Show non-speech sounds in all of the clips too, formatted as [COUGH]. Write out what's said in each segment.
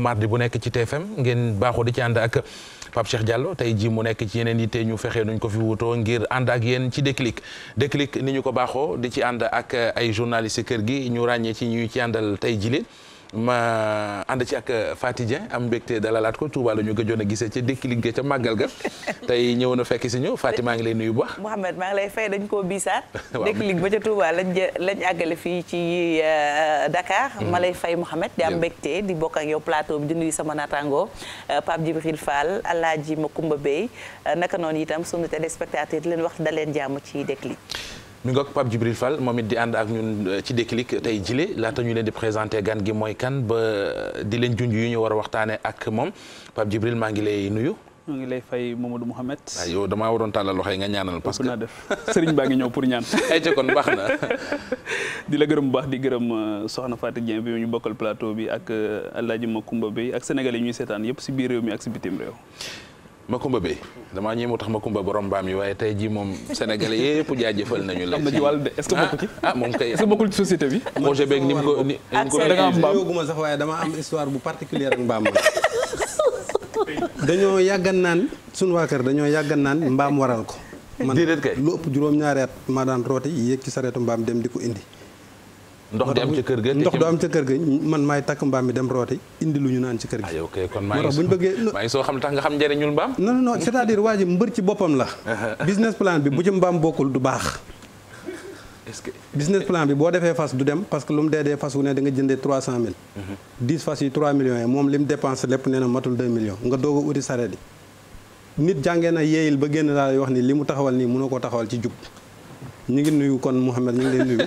mardi bu nekk ci TFM ngeen baaxoo di ci ànd ak Pape Cheikh Diallo tey jii mu nekk ci yeneen yi tey ñu fexee nuñ ko fi wutoo ngir ànd ak yéen ci déclic déclic ni ñu ko baaxoo di ci ànd ak ay journalistes kër gi ñu ràññee ci ñuy ci àndal tey jii ma ànd ci ak euh, Faty Dieng am mbégte dalalaat ko Touba la ñu gëjoon a gisee ca Déclic ga ca màggal ga [LAUGHS] tey ñëw na fekk si ñëw Faty maa ngi lay nuyu bu baax. Mouhamed maa ngi lay fay dañ koo biisaat. [LAUGHS] Déclic ba ca Touba lañ jë lañ àggale fii ci euh, dakaar mm-hmm. ma lay fay Mouhamed di am mbégte di bokk ak yow plateau bi di nuyu sama naataango euh, Pape Djibril ji ma Makumba Bey naka noonu itam te téléspectateur di leen wax da leen jàmm ci Déclic. mi ngi ak Pape Djibril Fall moom it di ànd ak ñun euh, ci Déclic tey jile laata ñu leen di présenté gan gi mooy kan ba euh, di leen junj yu ñu war a waxtaanee ak moom Pape Djibril maa ngi lay nuyu. ñu ngi lay fay Mamadou Mouhamed. waaw ah, yow damaa waroon tàllal loxo yi nga ñaanal parce que naa def sëriñ baa ngi ñëw pour ñaan. [LAUGHS] ay ca kon baax na. [LAUGHS] di la gërëm bu baax di gërëm euh, soxna Fatou Dieng bi ñu bokkal plateau bi ak El ma Makumba bi ak sénégalais yi ñuy seetaan yëpp si biir réew mi ak si bitim Makumba Bey damaa ñëw moo tax ma Makumba borom mbaam yi waaye tey jii moom sénégalais yëpp jaajëfal nañu la. am na ci wàll de est ah, bokk ci ah moom kay. est bi. [LAUGHS] projet beeg ni mu ko ni mu ko. da am mbaam yóbbu ma sax waaye dama am histoire bu particulière mbaam dañoo yàggan naan sunu waa kër dañoo yàggan naan mbaam waral ko. man lu ëpp juróom ñaareet at maa daan rooti yéeg ci sareetu mbaam dem di ko indi ndox di am ci kër ga ndox du am ci kër ga man may tak mbam mi dem roti indi lu ñu naan ci kër gi ayo ah, ok kon may ngi buñ bëggee maa ngi xam tax nga xam njëriñul mbam non non c'est-à-dire waji mbeur ci bopam la [LAUGHS] business plan bi bu ci mbam bokul du bax est-ce que business plan bi bo defee fas du dem parce que lu mu dédé dee fas wu né da nga jëndé 300000 10 mille mhm. fas yi 3 millions mom lim dépenser lepp néna matul 2 millions nga dogo outil uti nit jangé na yeeyil ba génn la wax ni limu taxawal ni mënoo ko taxawal ci jub ñu ngi nuyu kon Mouhamed ñu ngi lay nuyu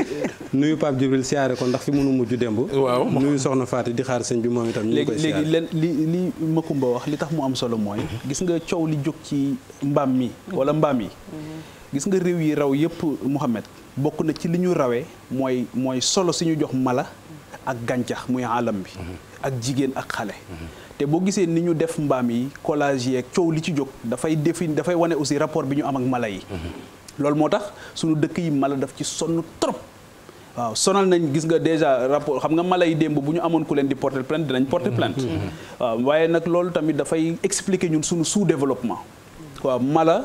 [LAUGHS] nuyu Pape Djibril siyaare ko ndax fi mënu mujj démb waaw nuyu soxna Faati di xaar sëñ bi moom itam ñu ngi koy siyaare léegi len li li Makumba wax li tax mu am solo mooy mhm. gis nga coow li jóg ci mbaam mi wala mbaam yi mhm. gis nga réew yi raw yëpp Mouhamed bokk na ci li ñu rawee mooy mooy solo si ñu jox mala ak gàncax muy alam bi mhm. ak jigéen ak xale te boo gisee ni ñu def mbaam yi collage yeeg coow li ci jóg dafay defin dafay wane aussi rapport bi ñu am ak mala yi loolu moo tax suñu dëkk yi mala daf ci sonn trop waaw sonal nañ gis nga déjà rapport xam nga mala yi démb bu ñu amoon ku leen di porter plainte dinañ porter mm-hmm. plainte mm-hmm. waaw waaye nag loolu tamit dafay expliquer ñun suñu sous développement waaw mala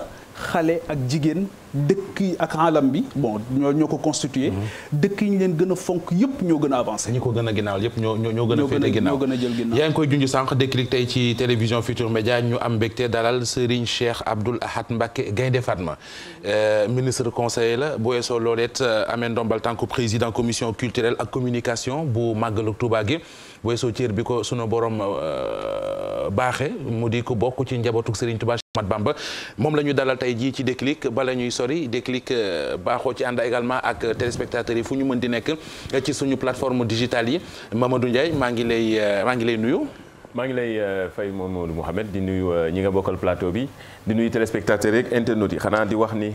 xalé ak jigen dëkk ak alam bi bon ñoo ñoo ko constitué. Mhm. dëkk ñu leen gëna fonk yépp ñoo gëna avancer avancé. ñi ko gën a ginaaw yëpp ñoo ñoo gëna gën a. féete ginnaaw ñoo gën a jël ginnaaw yaa ngi koy junj sànq Déclic tey ci télévision Futur Média ñu am mbégte dalal Serigne Cheikh Abdoul Ahad Mbacké Gaïndé Fatma. euh ministre conseiller la bu weesoo looleet euh, amee ndombal tànku président commission culturelle ak communication bu màggalu Touba gi weesoo cër biko ko sunu borom euh, baaxe mu di ko bokku ci njabootu Serigne Touba Ahmad Bamba mom lañu dalal tay ji ci Déclic bala ñuy sori Déclic euh, baxo ci ànd également ak téléspectateurs yi fuñu ñu di nek euh, ci suñu plateforme digitale yi Mamadou ndjay ma ngi lay ma ngi lay nuyu. ma ngi lay fay Mamadou mohamed di nuyu ñi nga bokkal plateau bi di nuyu téléspectateurs yeeg internautes yi xana di wax ni.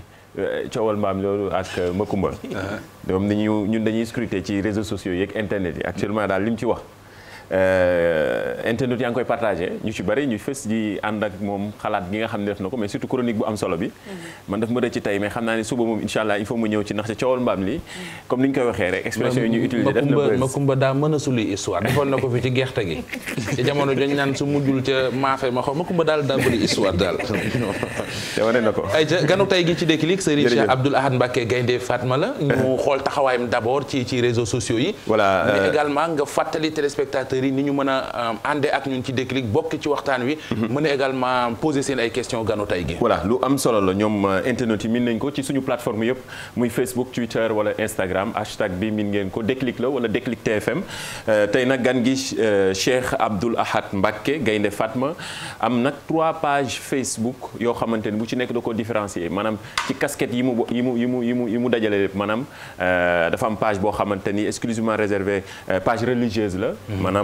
ciowal mbaam loolu ak Makumba. [LAUGHS] Uh-huh. ñoom ni ñun dañuy scruter ci réseaux sociaux yi ak internet yi actuellement daal lim ci wax. Euh, internet yaa ngi koy partagé ñu ci bari ñu fës ji ànd ak moom xalaat gi nga xam ne def na ko mais surtout chronique bu am solo bi. Mm-hmm. man daf ma rëcc ci mais xam naa ne suba moom incha allah il faut mu ñëw ci ndax ca coowal mbaam li comme ni ñu koy waxee rek. expression yi ñuy utiliser def a ma xaw daal daa bëri histoire daal. te wane na ko. ganu tey gi ci Déclic Serigne Cheikh Abdoul Ahad Mbacké Gaynde Fatma la. ñu xool taxawaayam d'abord ci ci réseaux téléspectateurs ni ñu mëna andé euh, ak ñun ci déclic bokk ci waxtaan wi. Mhm. mëna également poser seen ay questions ganu tey gi. voilà lu am solo la ñom euh, internet yi min nañ ko ci suñu plateforme yëpp muy Facebook Twitter wala Instagram hashtag bi min ngeen ko déclic la wala déclic TFM euh, tay nak gan gi Cheikh Abdoul Ahad Mbacké Gaynde Fatma am nak trois pages Facebook yo xamante ni bu ci nek da ko différencier manam ci casquette yi mu yi mu yi mu yi mu yi mu dafa am page bo xamante exclusivement réservé page religieuse la manam mhm.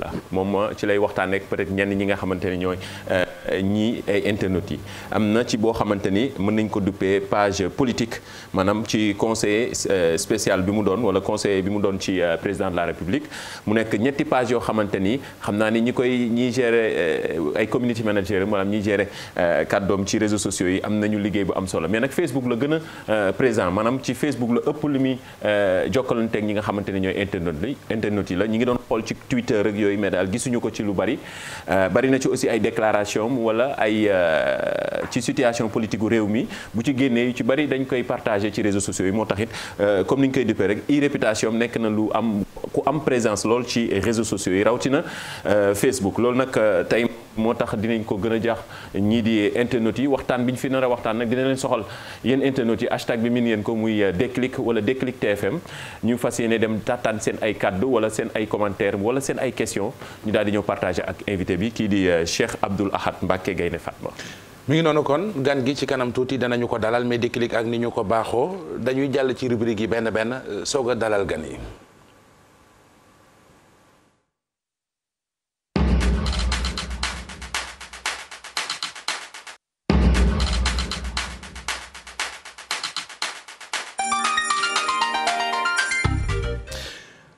voilà moom ci lay waxtaan ak peut-être ñenn ñi nga xamante ni ñooy euh, ñii ay internautes yi am ci boo xamante ni ko duppee page politique maanaam ci conseiller euh, spécial bi mu doon wala conseiller bi mu doon ci euh, président de la république mu nekk ñetti page yoo xamante ni xam ni ñi koy ñiy gérer ay community manager maanaam ñiy gérer kàddoom ci réseaux sociaux yi am nañu liggéey bu am solo mais nak Facebook la gën a présent maanaam ci Facebook la ëpp lu muy jokkalanteeg ñi nga xamante ni ñooy internautes yi internautes la ñi ngi doon xool ci Twitter ak yooyu mais daal gisuñu ko ci lu bari euh, bari na ci aussi ay déclaration wala ay euh, ci situation politique réew mi bu ci génnee yu ci bari dañ koy partagé ci réseaux sociaux yi moo taxit euh, comme ni ñu koy duppee rek i réputation nekk na lu am ku am présence lool ci réseaux sociaux yi rawatina Facebook loolu nag tey. moo tax dinañ ko gën a jaax ñii di internautes yi waxtaan bi ñu fi nar a waxtaan nag dina leen soxal yéen internautes yi hashtag bi min yéen ko muy euh, déclic wala déclic TFM ñu fas yéene dem taataan seen ay kaddu wala seen ay commentaire wala seen ay question ñu daal di ñëw partager ak invité bi kii di euh, Cheikh Abdoul Ahad Mbacké Gaynde Fatma mu ngi noonu kon gan gi ci kanam tuuti danañu ko dalal mais déclique ak ni ñu ko baaxoo dañuy jàll ci rubrique yi benn benn euh, soog a dalal gan yi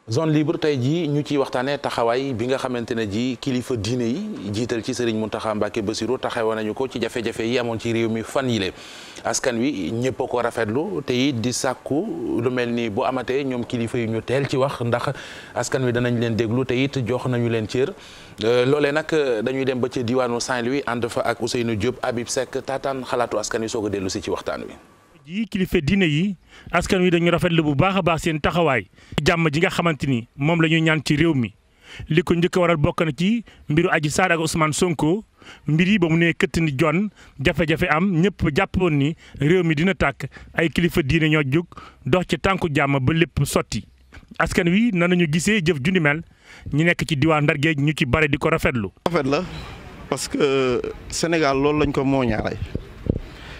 zone libre tey jii ñu ciy waxtaanee taxawaay bi nga xamante ne jii kilifa diine yi jiital ci sëriñ Mountakha Mbacké Bassirou taxawoo nañu ko ci jafe-jafe yi amoon ci réew mi fan yile askan wi ñëpp a ko rafetlu te di sàkku lu mel ni bu amatee ñoom kilifa yi ñu teel ci wax ndax askan wi danañ leen déglu te it jox nañu leen cër euh, loolee nag euh, dañuy dem ba ci diwaanu Saint-Louis ànd fa ak Ousseynou Diop Habib Seck taataan xalaatu askan wi soog ko dellu si ci waxtaan wi. yi kilifa diine yi askan wi dañu rafetlu bu baax baax seen taxaway jamm ji nga xamanteni mom lañu la ñaan ci rew mi liko ñëk waral bokk na ci mbiru aji Sarr ak Ousmane Sonko mbiri ba mu ne ni jon jafe-jafe am ñëpp jàppoon ni rew mi dina tak ay kilifa diine ñoo juk dox ci tanku jamm ba lepp soti askan wi nanañu gisé jëf jundi mel ñi nekk ci diwaan Ndar geej ñu ci bare di rafetlu. rafet la parce que Sénégal lool lañ ko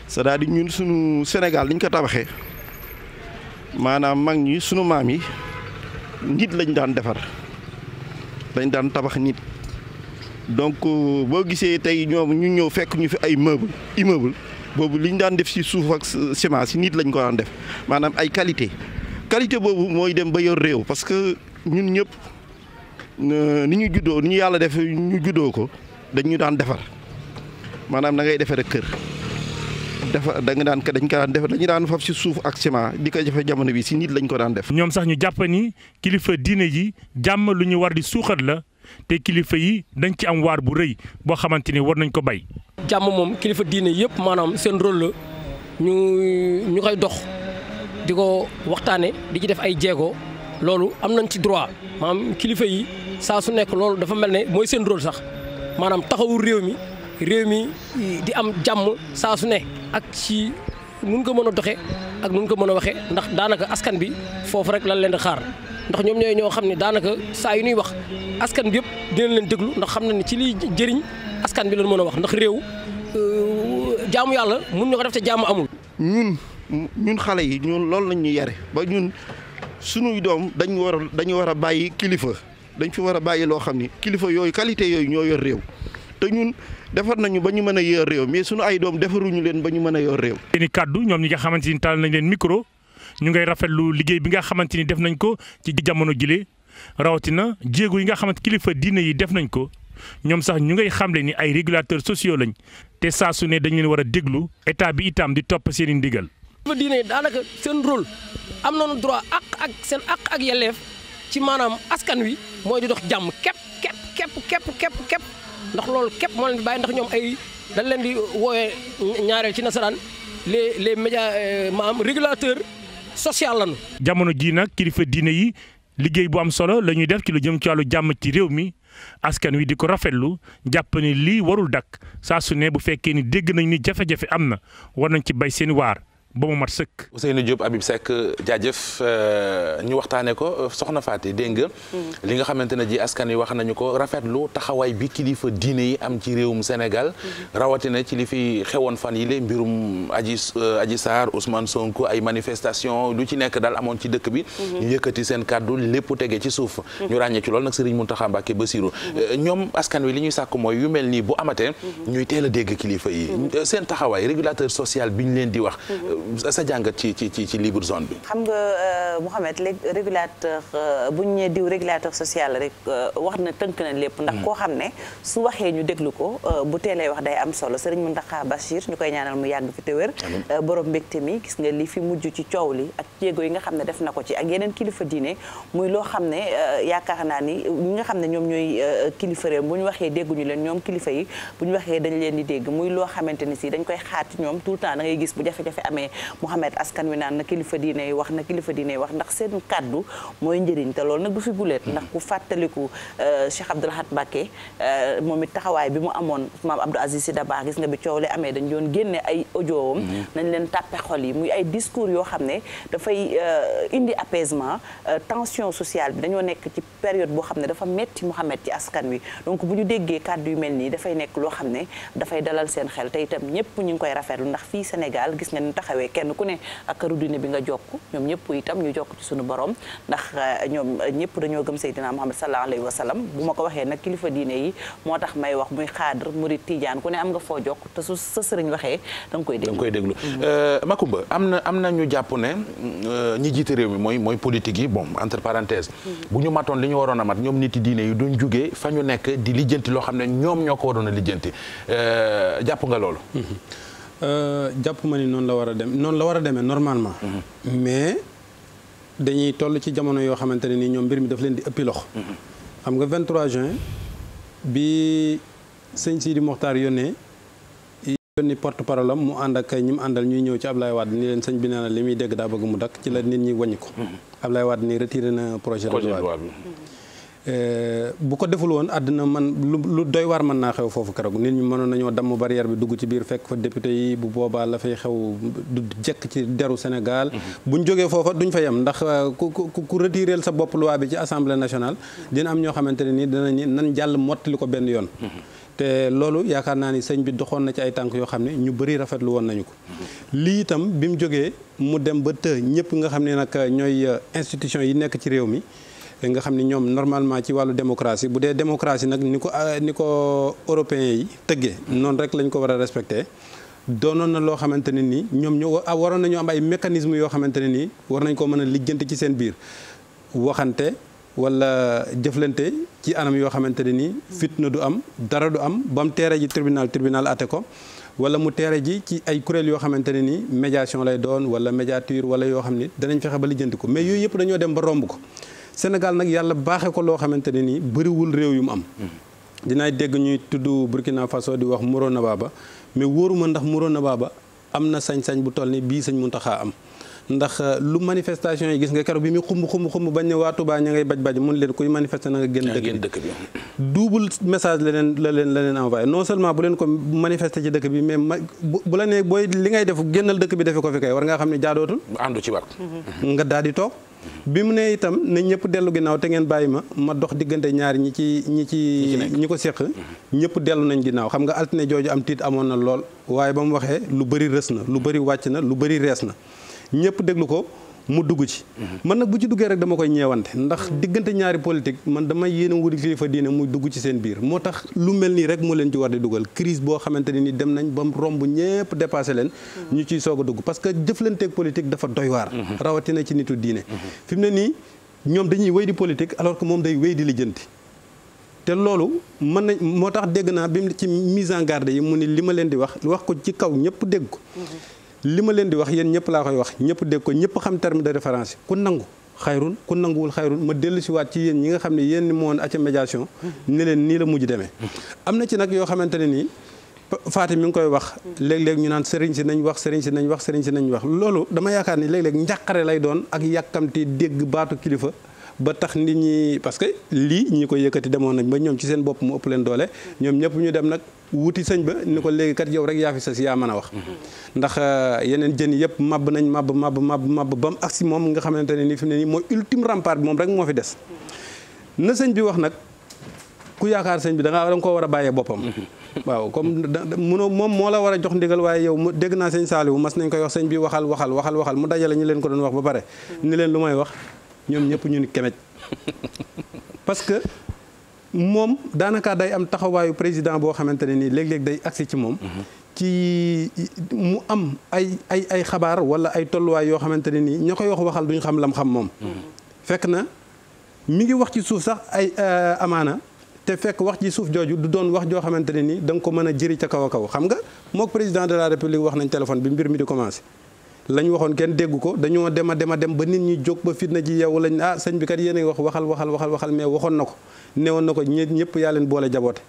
sa daal di ñun suñu Sénégal liñ ko tabaxé manam mag ñi suñu mam yi nit lañ daan défar dañ daan tabax nit donc euh, bo gisé tay ñom ñu ñëw fekk ñu fi ay meuble immeuble bobu liñ daan def si souf ak ciment si nit lañ ko daan def manam ay qualité qualité bobu moy dem ba yor rew parce que ñun ñëpp euh, ni ñu juddo ni ñu def ñu juddo ko dañ ñu daan défar manam na ngay rek kër dafa da nga daan ka dañ ko daan def dañu daan faf si suuf ak ciment di ko jafe jamono bi si nit lañ ko daan def. ñoom sax ñu jàpp kilifa diine ji jàmm lu ñu war di suuxat la te kilifa yi dañ ci am waar bu rëy boo xamante ni war nañ ko bay. jàmm moom kilifa diine yëpp maanaam seen rôle la ñu ñu koy dox di ko waxtaane di ci def ay jéego loolu am nañ ci droit maanaam kilifa yi saa su nekk loolu dafa mel ne mooy seen rôle sax maanaam taxawu réew mi réew mi di am jàmm saa su ne. ak ci nun ko mën a doxe ak nun ko mën a waxee ndax daanaka askan bi foofu rek lan leen di xaar ndax ñoom ñooy ñoo xam ne daanaka saa yu ñuy wax askan bi yëpp dinañ leen déglu ndax xam na ne ci liy jëriñ askan bi lañ mën a wax ndax réew euh, jaamu yàlla mun ñu ko def te jaamu amul. ñun ñun xale yi ñun loolu lañ ñu yare ba ñun sunuy doom dañ war dañu war a bàyyi kilifa dañ fi war a bàyyi loo xam ni kilifa yooyu qualité yooyu ñoo yor réew. te ñun defar nañu ba ñu mën a yor réew mais suñu ay doom defaruñu leen ba ñu mën a yor réew. seeni kàddu ñoom ñi nga xamante ni taal nañ leen micro ñu ngay rafetlu liggéey bi nga xamante ni def nañ ko ci jamono jile rawatina jéego yi nga xamante kilifa diine yi def nañ ko ñoom sax ñu ngay xamle ni ay régulateurs sociaux lañ te saa su ne dañu leen war a déglu état bi itam di topp seen i ndigal. kilifa diine yi daanaka seen rôle am nañu droit ak ak seen ak ak yelleef ci maanaam askan wi mooy di dox jàmm képp képp képp képp. ndax loolu képp moo leen fi bàyyi ndax ñoom ay dañ leen di woowee ñaareel ci nasaraan les les médias euh, maam régulateur social lañu. jamono jii nag kilifa diine yi liggéey bu am solo la ñuy def ci lu jëm ci wàllu jàmm ci réew mi askan wi di ko rafetlu jàpp ne lii warul dakk saa su ne bu fekkee ni dégg nañ ni jafe-jafe am na war nañ ci bay seen waar. ba mu mat sëkk. Ousseynou Diop Habib Seck jaajëf euh, ñu waxtaanee ko euh, soxna Faty dégg nga. Mm. li nga xamante ne ji askan wi wax nañu ko rafetlu taxawaay bi kilifa diine yi am ci réewum Sénégal. Mm-hmm. rawatina ci li fi xewoon fan yi le mbirum Adji euh, Adji Sarr Ousmane Sonko ay manifestation lu ci nekk daal amoon ci dëkk bi. Mm-hmm. ñu yëkkati seen kàddu lépp tege ci suuf. Mm-hmm. ñu ràññee ci loolu nag Serigne Mountakha ba Bassirou. ñoom askan wi li ñuy sàkk mooy yu mel nii bu amatee. ñuy teel a dégg kilifa yi. seen taxawaay régulateur social bi leen di wax. sa jàngat ci ci ci ci libre zone bi. xam nga euh, Mouhamed léegi régulateur euh, bu ñu nee diw régulateur social rek euh, wax na tënk na lépp. ndax hmm. koo xam ne su waxee ñu déglu ko bu teelee wax day am solo Serigne Mountakha Bachir ñu koy ñaanal mu yàgg fi te wér. borom mbégte mi gis nga li fi mujj ci coow li ak jéego yi nga xam ne def na ko ci ak yeneen kilifa diine muy loo xam ne yaakaar naa ni ñi nga xam ne ñoom ñooy kilifa réew bu ñu waxee dégguñu leen ñoom kilifa yi bu ñu waxee dañ leen di dégg muy loo xamante ni si dañ koy xaat ñoom tout le temps da gis bu jafe-jafe ne askan wi naan na kilifa diine wax na kilifa diine wax ndax seen kàddu mooy njëriñ te loolu nag du fi guleet ndax ku fàttaliku euh, Cheikh Abdoul Ahad Mbacké euh, moom it taxawaay bi mu amoon maam Abdou asi Sy Dabakh gis nga bi coow le amee dañ doon génne ay audioom mm-hmm. nañ leen tàppe muy ay discours yoo xam ne dafay euh, indi apaisement tension sociale bi nekk ci période boo xam ne dafa metti Mouhamed ci askan wi donc bu ñu déggee kàddu yu mel nii dafay nekk loo xam ne dafay dalal seen xel te itam ñëpp ñu ngi koy rafetlu ndax fii Sénégal gis nga taxawee kenn ku ne ak rudine bi nga jokk ñoom ñëpp tam ñu jokk ci suñu borom ndax eh, ñoom eh, ñëpp dañoo gëm Seydina Muhammad sallallahu alayhi wa sallam bu ma ko waxee nag kilifa diine yi moo tax may wax muy xaadar murid tijaan ku ne am nga foo jokk te su sa sëriñ waxee da nga koy déglu koy déglu mm-hmm. euh, Makumba am na am na ñu jàpp ne euh, ñi jiite réew mi mooy mooy politique yi bon entre parenthèses mm-hmm. bu ñu matoon li ñu waroon a mat ñoom nit yi diine yi duñ jugee fa ñu nekk di lijjanti loo xam ne ñoom ñoo ko waroon a lijjanti euh, jàpp nga loolu mm-hmm. Euh, jàpp ma ni noonu la war a dem noonu la war a demee normalement. Mm-hmm. mais dañuy toll ci jamono yoo xamante ne ni ñoom mbir mi daf leen di ëppi loxo. Mm-hmm. xam nga juin bi sëñ Sidi Mokhtar yónnee yónni porte parole am mu ànd ak ñi mu àndal ñuy ñëw ci Ablaye Wade ni leen sëñ bi naana li muy dégg daa bëgg mu dakk ci la nit ñi wàññi ko. Mm-hmm. Ablaye waat ni retiré na projet de loi Euh, bu ko deful woon àdduna man lu doy waar mën naa xew foofu keroog nit ñi mënoon nañoo damm barrière bi dugg ci biir fekk fa député yi bu boobaa la fay xew du jekk ci deru Sénégal. Mhm. buñ jógee foofa duñ fa yem ndax euh, ku ku ku retireel sa bopp loi bi ci assemblée nationale. dina am ñoo xamante ne nii dinañu nan jàll mottali ko benn yoon. Mhm. te loolu yaakaar naa ni sëñ bi doxoon na ci ay tànk yoo xam ne ñu bëri rafetlu woon nañu ko. Mhm. lii itam bi mu jógee mu dem ba të ñëpp nga xam ne nag ñooy euh, institution yi nekk ci réew mi. nga xam ni ñoom normalement ci wàllu démocratie bu dee démocratie nag ni ko euh, ni ko européens yi tëggee noonu rek lañ ko war a respecté doonoon na loo xamante ne nii ñoom ñoo waroon nañu am ay mécanismes yoo xamante ne nii war nañ ko mën a lijjanti ci seen biir waxante wala jëflante ci anam yoo xamante ne nii fitna du am dara du am ba mu teere ji tribunal tribunal atte ko wala mu teere ji ci ay kuréel yoo xamante ne nii médiation lay doon wala médiature wala yoo xam ni danañ fexe ba lijjanti ko mais yooyu yëpp dañoo dem ba romb ko Sénégal nag yàlla baaxe ko loo xamante ne nii bëriwul réew yu mu am. dinaay dégg ñuy tudd Burkina Faso di wax Morona Baba mais wóoruma ndax Morona Baba am na sañ-sañ bu toll nii bii sañ sëñ Muntaxa am. ndax euh, lu manifestation yi gis nga keroog bi muy xumb xumb xumb bañ ne waa Touba ña ngay baj baj mun leen kuy manifester na nga génn dëkk bi double message la leen la leen la leen envoyé non seulement bu leen ko manifester ci dëkk bi mais bu la nee booy li ngay def génnal dëkk bi defe ko fi war ngaa xam ne jaadootul. àndu ci bi mu nee itam nañ ñëpp dellu ginnaaw te ngeen bàyyi ma ma dox diggante ñaar ñi ci ñi ci ñi ko seq ñëpp dellu nañ ginnaaw xam nga altine jooju am tiit amoon na lool waaye ba mu waxee lu bëri rës na lu bari wàcc na lu bëri rees na ñëpp déglu ko mu dugg ci man nag bu ci duggee rek dama koy ñeewante ndax diggante ñaari politique man damay yéene wuti kilifa diine muy dugg ci seen biir moo tax lu mel nii rek moo leen ci war di dugal crise boo xamante ne ni dem nañ ba mu romb ñëpp dépassé leen ñu ci soog a dugg parce que jëflanteeg politique dafa doy waar rawatina ci nitu diine fi mu ne nii ñoom dañuy wéy di politique alors que moom day wéy di lijjanti te loolu mën nañ moo tax dégg naa bi ci mise en garde yi mu ni li ma leen di wax wax ko ci kaw ñëpp dégg ko li ma leen di wax yéen ñëpp laa koy wax ñëpp dégg ko ñëpp xam terme de référence ku nangu xayrun ku nanguwul xayrun ma dellu si waat ci yéen ñi nga xam ne yéen ni moon acca médiation ne leen nii la mujj demee am na ci nag yoo xamante ne nii Faati mi ngi koy wax léeg-léeg ñu naan sëriñ si nañ wax sëriñ si nañ wax sëriñ si nañ wax loolu dama yaakaar ni léeg-léeg njàqare lay doon ak yàkkamti dégg baatu kilifa ba tax nit ñi parce que lii ñi ko yëkkati demoon nag ba ñoom ci seen bopp mu ëpp leen doole ñoom ñëpp ñu dem nag wuti sëñ ba ni ko léegi kat yow rek yaa fi sas yaa man a wax ndax euh, yeneen jën yëpp màbb nañ màbb màbb màbb màbb ba mu agsi moom nga xamante ne nii fi mu ne nii mooy ultime rempart bi moom rek moo fi des na sëñ bi wax nag ku yaakaar sëñ bi da ngaa da koo war a bàyyee boppam waaw comme mënoo moom moo la war a jox ndigal waaye yow mu dégg naa sëñ Saliou mas nañ koy wax sëñ bi waxal waxal waxal waxal mu dajale ñu leen ko doon wax ba pare ni leen lu may wax ñoom ñëpp ñu ni kemej [LAUGHS] parce moom daanaka day am taxawaayu président boo xamante ne nii léeg-léeg day agsi ci moom. Mhm. ci mu am ay ay ay xabaar wala ay tolluwaay yoo xamante ne nii ña koy wax waxal duñu xam lam xam moom. Mhm. fekk na mi ngi wax ci suuf sax ay euh, amaana. te fekk wax ci suuf jooju du doon wax joo xamante ne nii da ko mën jëri ca kaw a kaw xam nga mook président de la wax nañ téléphone bi mbir mi di commencé. la ñu waxoon kenn dégg ko dañoo dem dem a ba nit ñi jóg ba fitna ji yow lañ ah sëñ bi kat yéen wax waxal waxal waxal waxal mais waxoon na ko. newoon na ko ñeent ñëpp yaa leen boole jaboote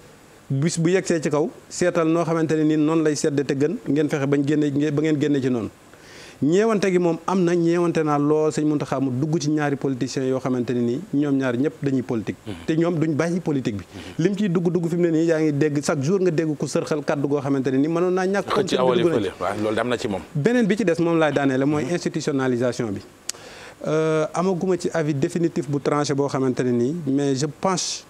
bis bu yegsee ci kaw seetal noo xamante ne nii noon lay sedde te gën ngeen fexe bañ génne ba ngeen génne ci noonu ñeewante gi moom am na ñeewante naa lool sëñ Muntaxa mu dugg ci ñaari politiciens yoo xamante ne nii ñoom ñaar ñëpp dañuy politique mhm. te ñoom duñ bàyyi politique bi mhm. lim ciy dugg dugg fi mu ne nii yaa ngi dégg chaque jour nga dégg ku sërxal kaddu goo xamante ne nii mënoon naa ñàkk loolu ci moom beneen bi ci des moom laay daanee la mooy bi Euh, amaguma ci avis définitif bu tranché bo xamante mais je penche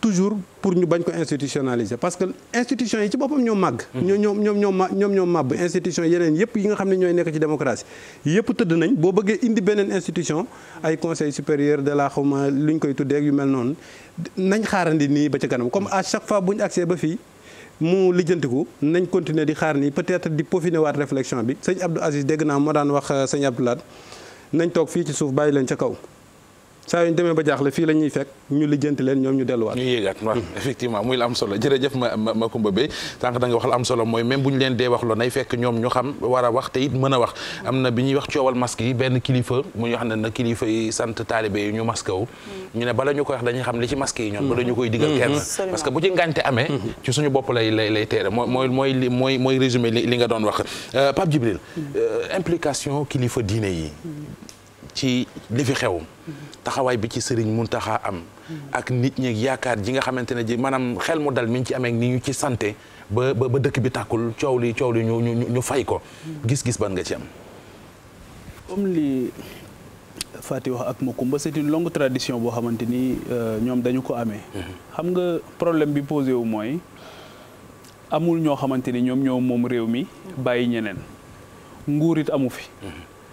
toujours pour ñu bañ ko institutionnaliser parce que institution yi ci bopam ñoo mag mhm. ñoo ñoo ñoom ñoo ma ñoom ñoo màbb institution yeneen yépp yi nga xamné ñoy ñooy nekk ci démocratie yépp tëdd nañ bo bëggé indi benen institution ay conseil supérieur de la xawma luñ koy tuddé ak yu mel non nañ xaarandi ni ba ci kanam comme à chaque fois bu accès ba fi mu lijjantiku nañ continuer di xaar ni peut-être di peaufiner waat réflexion bi sëñ Abdou Aziz dégg na mo daan wax euh, sëñ Abdoulaye nañ toog fii ci suuf bàyyi leen ca kaw saa yu ñu demee ba jaaxle fii la ñuy fekk ñu lijjanti leen ñoom ñu delluwaat ñu yéegaat waaw hmm. effectivement muy la am solo jërëjëf ma ma Kumba Bey tànk da wax la am solo mooy même bu ñu leen dee wax loo nay fekk ñoom ñu xam war a wax te it mën a wax am na bi ñuy wax coowal masque yi benn kilifa mu ñu xam ne na kilifa yi sant taalibe yi ñu masque wu hmm. ñu ne bala ñu koy wax dañuy xam li ci masque yi ñoom bala ñu hmm. koy digal kenn parce que bu ci ngànte amee ci bopp lay lay lay teere mooy mooy mooy mooy mooy résumé li nga doon wax euh, Pape Djibril euh, implication kilifa diine yi ci li fi xew taxaway bi ci serigne muntaha am ak nit ñi yaakar ji nga xamantene ji manam xel mu dal mi ci amé ni ñu ci santé ba ba dëkk bi takul nyonyo li li ñu ñu fay ko gis-gis ban nga ci am comme li Fati wax ak mba c'est une longue tradition bo xamanteni euh, ñom ame. dañu ko amé xam nga problème bi posé wu moy amul ño xamanteni ñom nyom ñoo bayi réew mi bayyi ñeneen nguur amu fi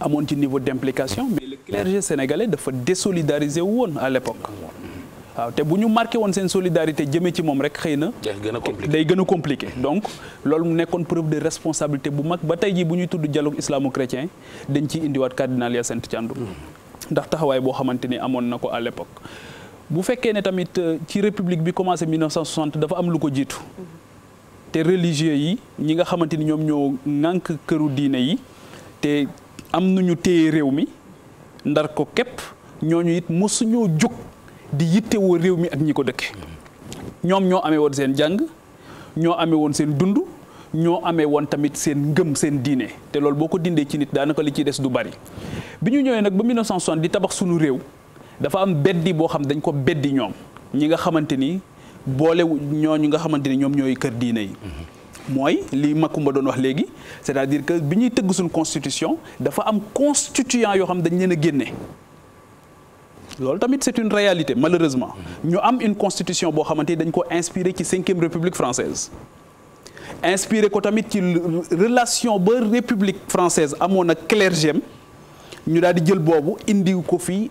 amoon ci niveau d'implication mais le clergé sénégalais dafa désolidariser wu woon à l'époque waaw te bu marqué woon seen solidarité jëmee ci moom rek xëy na day gën compliqué donc loolu mu nekkoon preuve de responsabilité bu mag ba tey jii bu ñuy dialogue islamo-chrétien dañ ciy indiwaat cardinal Hyacinthe Thiandoum hmm. ndax taxawaay boo xamante ni amoon na ko à l'époque bu fekkee ne tamit euh, ci république bi commencé 1960 dafa am lu ko jiitu religieux yi ñi nga xamante ni ñoom ñoo ŋànk këru diine yi te am nañu téye réew mi ndar ko képp ñooñu it mu mosuñoo jóg di yittewoo réew mi ak ñi ko dëkke ñoom ñoo amee woon seen jàng ñoo amee woon seen dund ñoo amee woon tamit seen ngëm seen diine te loolu boo ko dindee ci nit daanaka li ciy des du bari bi ñu ñëwee nag ba 1960 di tabax sunu réew dafa am beddi boo xam dañ ko beddi ñoom ñi nga xamante ni boole ñooñu nga xamante ni ñoom ñooy kër diine yi. Moi, li Makumba doon wax c'est-à-dire que bi ñuy tëgg une constitution dafa am constituant yo xam dañ ne a génne tamit c'est une réalité malheureusement ñu am une constitution boo xamante ni dañ ko inspiré ci cinquième république française inspiré ko tamit ci relation ba république française à mon clergém ñu daal di jël boobu indi ko fii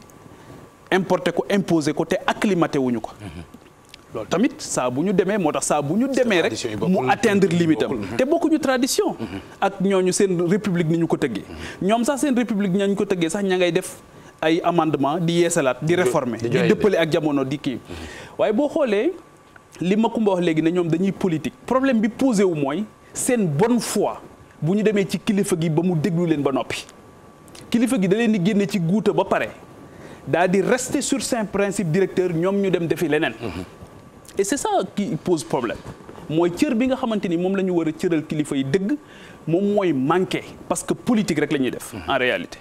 importé ko imposé ko te acclimaté wuñu ko mm-hmm loolu tamit saa buñu démé motax moo buñu démé rek mu atteindre limite té bokku ñu tradition mm-hmm. ak ñoñu seen république ni ñu ko tëggee mm-hmm. ñom sax seen république ñañ ko tëggee sax ña def ay amendement di yéssalat di réformer di dëppale ak jamono di ki mm-hmm. waye bo xolé li ma ko wax légui né ñom dañuy politique problème bi posé wu moy seen bonne foi buñu démé ci kilifa gi ba mu déglu leen ba nopi kilifa gi da leen di génne ci guuta ba paré daa di rester sur saint principe directeur ñom ñu dem defi leneen et c'est ça qui pose problème mooy cër bi nga xamante ni moom la ñu war kilifa yi dëgg moom mooy manqué parce que politique rek la def en réalité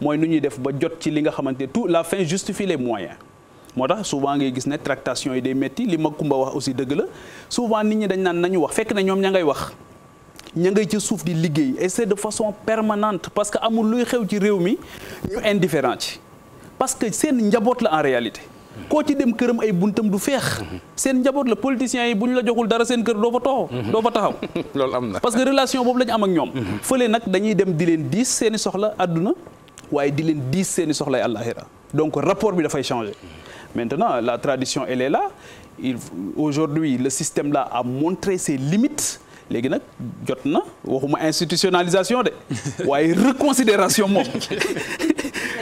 moi nous ñuy def ba jot ci li nga xamante tout la fin justifie les moyens Moi, souvent ngay gis ne tractation yi des métiers, li ma Kumba wax aussi dëgg la souvent nit ñi dañ nan nañu wax fekk na ñoom ña ngay wax ña ngay ci di et c'est de façon permanente parce que amul luy xew ci réew mi ñu indifférent ci parce que c'est une la en réalité koo ci dem këram ay buntam du feex Sen njaboot le politiciens yi bu ñu la joxul dara sen kër doo fa toxo doo fa taxaw [LAUGHS] loolu am parce que relation boobu lañ am ak ñom. Mhm. Feulé nak dañuy dem di len diis seeni soxla aduna waye di len leen diis soxla ay àllaaxira donc rapport bi da fay changer maintenant la tradition elle est là il aujourd'hui le système là a montré ses limites léegi nag jot na waxuma institutionnalisation de [LAUGHS] waaye reconsidération moom [LAUGHS]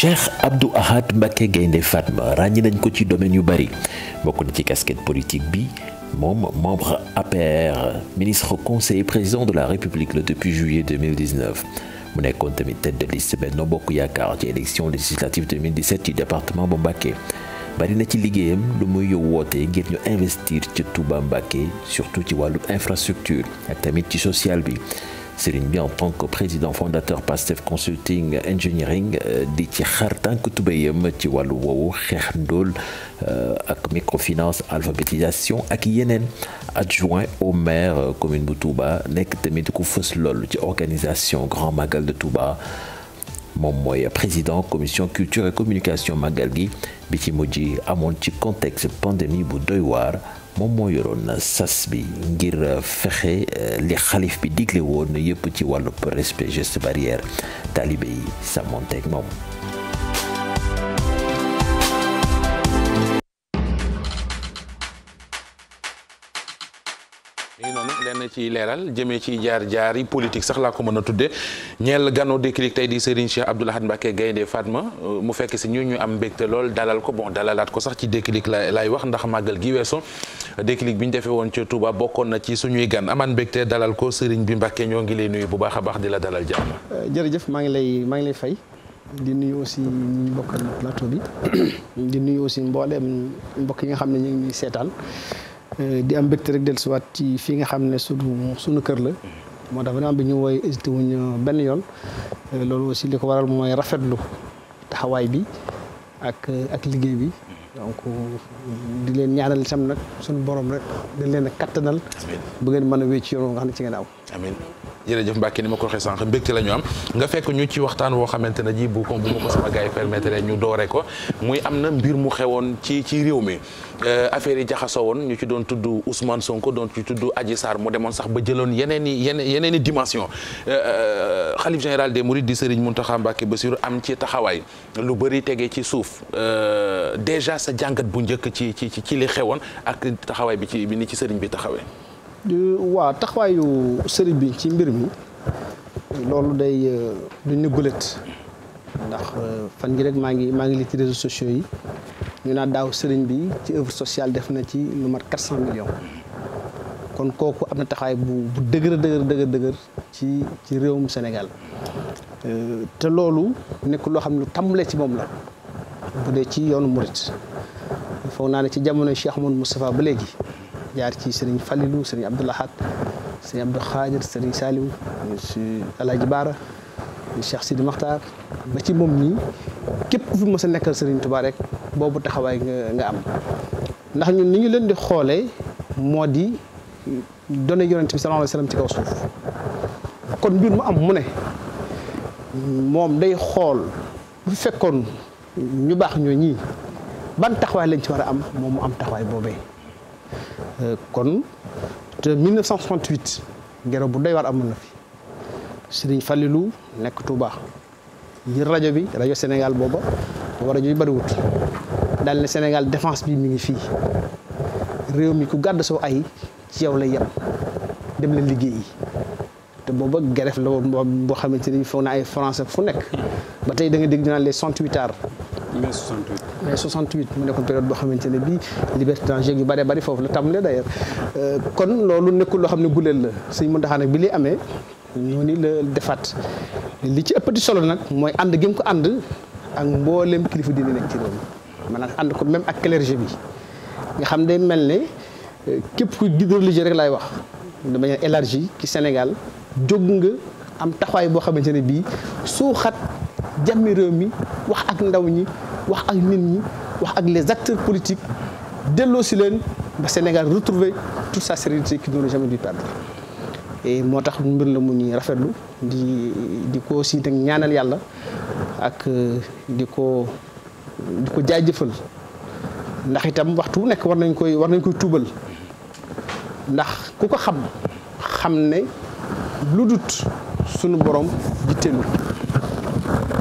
Cheikh Abdou Ahad Mbake Gaynde Fatma ràññi nañ ko ci domaine yu bari bokku ci casquette politique bi membre APR ministre conseiller président de la République depuis juillet 2019 mu nekkoon tamit tête de liste Benno bokku Yaakaar ci élection législative 2017 ci département Mbake bari na ci liggéeyam lu muy woote ngir ñu investir ci Touba Mbake, surtout ci l'infrastructure infrastructure ak tamit ci bi Céline, bien en tant que président fondateur Pastef Consulting Engineering euh, dit ci xar tànk ci wàllu euh, microfinance alphabétisation ak adjoint au maire euh, commune de Touba Nek de ku l'organisation organisation Grand Magal de Touba Mon moyen président commission culture et communication magal Biti bi ci mon amoon contexte pandémie bu moom moo yoroon sas bi ngir fexe euh, li xalif bi digle woon yëpp ci wàllub respect geste barrière taalibe yi sàmmonteeg moom ñu noonu lenn ci leeral jëmee ci jaar jaar yi politique sax laa ko mën a tuddee ñeel gano D'clique tey di Serigne Cheikh Abdoul Ahad Mbacké Gaynde Fatma euh, mu fekk si ñu ñu am mbégte lool dalal ko bon dalalaat ko sax ci D'clique la laay wax ndax màggal gi weesu D'clique bi ñu defee woon ca Touba bokkoon na ci suñuy gan amaan mbégte dalal ko Serigne bi Mbacké ñoo ngi lay nuyu bu baax a baax di la dalal jàmm. Euh, jërëjëf maa ngi lay maa ngi lay fay di nuyu aussi ñu bokkal plateau bi [COUGHS] di nuyu aussi mbooleem mbokk yi nga xam ne ñu ngi seetaan. Euh, di am mbégte rek dellusiwaat ci fii nga xam ne sunu sunu kër la. moo tax vraiment bi ñu woowee hésité wuñ benn yoon euh, loolu aussi li ko waral mooy rafetlu taxawaay bi ak ak liggéey bi. donc di leen ñaanal sam nag sunu borom rek dañ leen kattanal. bu ngeen mën a wéy ci yoon nga xam ne ci ngeen am. amiin jërëjëf Mbacke ni ma ko waxee sànq mbégte la ñu am nga fekk ñu ci waxtaan woo xamante ne ji bu ko bu ma ko sama gars yi permettre ñu doore ko muy am na mbir mu xewoon ci ci réew mi. Euh, affaire yi jaxasoo woon ñu ci doon tudd Ousmane Sonko doon ci tudd Adji Sarr mu demoon sax ba jëloon yeneen i yeneen yeneen i dimension xalif euh, euh, général des Mourides di Serigne Mountakha Mbacké am ci taxawaay lu bëri tegee ci suuf déjà sa jàngat bu njëkk ci ci ci li xewoon ak taxawaay bi ci bi ni ci sëriñ bi taxawee. waa taxawaayu sëriñ bi ci mbir mi loolu day duñ ne gulet ndax fan gi rek maa ngi maa ngi li ci réseaux sociaux yi. ñu na daw serigne bi ci œuvre sociale def na ci lu mat 400 millions kon koku amna taxay bu bu dëgër dëgër dëgër ci ci rewum Sénégal euh te lolu nek lo xamni ne ci mom la bu dee ci yoonu Mouride foog na ci jamono Cheikh Amadou Moustapha ba léegi jaar ci serigne fallilu serigne Abdou hak serigne Abdou Khadir serigne salim ci Alaaji Baara Cheikh Sidi Makhtar ba ci mom ni képp fu fi mës nekkal serigne Touba rek. boobu taxawaay nga am ndax ñu ni ñu leen di xoolee moo di donné yonent bi sallallahu alayhi ci kaw suuf kon mbir mu am mu ne moom day xool bu fekkoon ñu baax ñoo ñi ban taxawaay lañ ci war a am moom mu am taxawaay boobee euh, kon te 1968 ngero bu doy war amoon na fi Serigne Fallilou nekk Touba yi rajo bi rajo Sénégal booba booba rajo yi bariwut daal ne Sénégal défense bi mi ngi fii réew mi ku gàdd soo ay ci yow la yem dem la liggéeyi te booba grève la boo xamante ni foog na ay français fu nekk ba tey da nga dégg ñu les 68 heures mai 68 mai 68 boo xamante ne bii liberté danger yu bëree bëri foofu la tàmbalee d'ailleurs euh, kon loolu nekkul loo xam ne guleel la suñ mën taxaa bi li amee noonu la defaat li ci ëppati solo nag mooy ànd gém ko ànd ak mbooleem kilifa dina nekk ci réew maintenant ànd ko même ak clergé bi nga xam day mel ne euh, képp kuy guide religieux rek laay wax de manière élargie Sénégal jóg nga am taxawaay boo xamante bi bii xat jàmmi réew mi wax ak ndaw ñi wax ak nit ñi wax ak les acteurs politiques delloo ci leen ba Sénégal retrouver toute sa sérénité qui n'aurait jamais dû perdre et motax mbir la mu ñi rafetlu di di ko si ñaanal yalla ak euh, di ko di ko jaajëfal ndax itam waxtu wu nekk war nañ koy war nañ koy tuubal ndax ku ko xam xam ne lu dut sunu borom jitteelu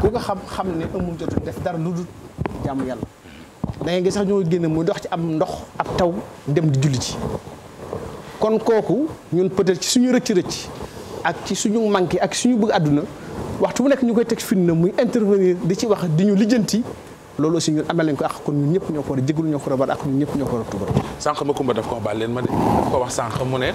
ku ko xam xam ne amul jotu def dara lu dut jàmm yàlla da ngay gis sax ñoo génn mu dox ci am ndox ab taw dem di julli ci kon kooku ñun peut-être ci suñu rëcc rëcc ak ci suñu manqué ak suñu bëgg àdduna waxtu wu nekk ñu koy teg firnde muy intervenir di ci wax di ñu lijjanti loolu aussi ñun amel nañ ko ak kon ñun ñëpp ñoo ko war a jégalu ñoo ko war a ak ñun ñëpp ñoo ko war a tugal ko wax baal leen ma de daf ko wax sànq mu ne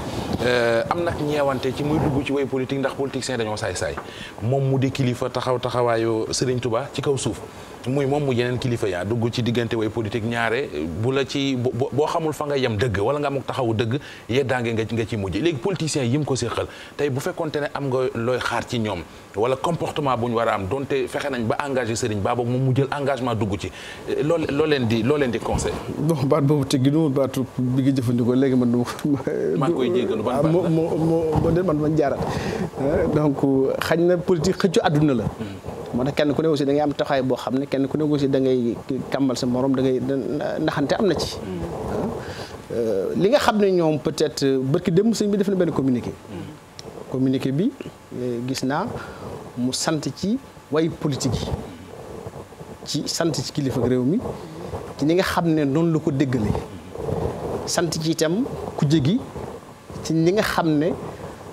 euh, am nag ñeewante ci muy dugg ci way politique ndax politique seen dañoo saay-saay moom mu di kilifa taxaw taxawaayu Serigne tubaa ci kaw suuf muy moom mu yeneen kilifa yaa dugg ci diggante way politique ñaare bu la ci boo xamul fa nga yem dëgg wala nga amuk taxawu dëgg yeddaange nga nga ci mujj léegi politiciens yi mu ko séqal tey bu fekkonte ne am nga looy xaar ci ñoom wala comportement bu ñu war a am donte fexe nañ ba engagé Serigne Ba boobu moom mu jël engagement dugg ci lool loo leen di loo leen di conseil bon baat boobu tegginuwul baatu bi nga jëfandikoo léegi man duma [LAUGHS] maa ngi koy jéggalu ban ah, baat moo moo moo man man jaarat euh, donc xañ na politique xëccu àdduna la hmm. moo tax kenn ku ne aussi da am taxawaay boo xam ne kenn ku ne aussi da ngay kàmbal sa morom da ngay naxante am na ci. Euh, li nga xam ne ñoom peut-être barki démb sëñ bi def na benn communiqué. communiqué bi euh, gis naa mu sant ci way politique yi ci sant ci kilifa réew mi ci ni nga xam ne noonu la ko déggale sant ci itam ku jégi ci ni nga xam ne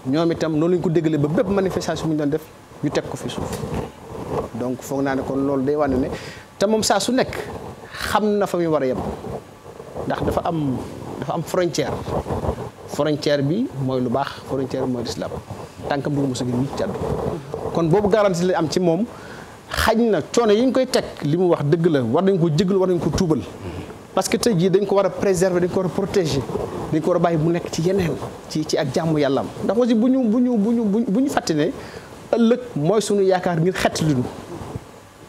ñoom itam noonu lañ ko déggalee ba bépp manifestation bu ñu doon def ñu teg ko fi suuf. donc foog naa ne kon loolu day wane ne te moom saa su nekk xam na fa muy war a yem ndax dafa am dafa am frontière frontière bi mooy lu baax frontière bi mooy lislaam tànkam du mos a gis ci àddu kon boobu garantie lañ am ci moom xañ na coono yi ñu koy teg li mu wax dëgg la war nañ ko jéggal war nañ ko tuubal parce que tey jii dañ ko war a préserver dañ ko war a protéger dañ ko bàyyi mu nekk ci yeneen ci ci ak jàmm yàllam ndax aussi bu ñu bu ñu bu ñu bu ñu fàtte ne ëllëg mooy suñu yaakaar ngir xett li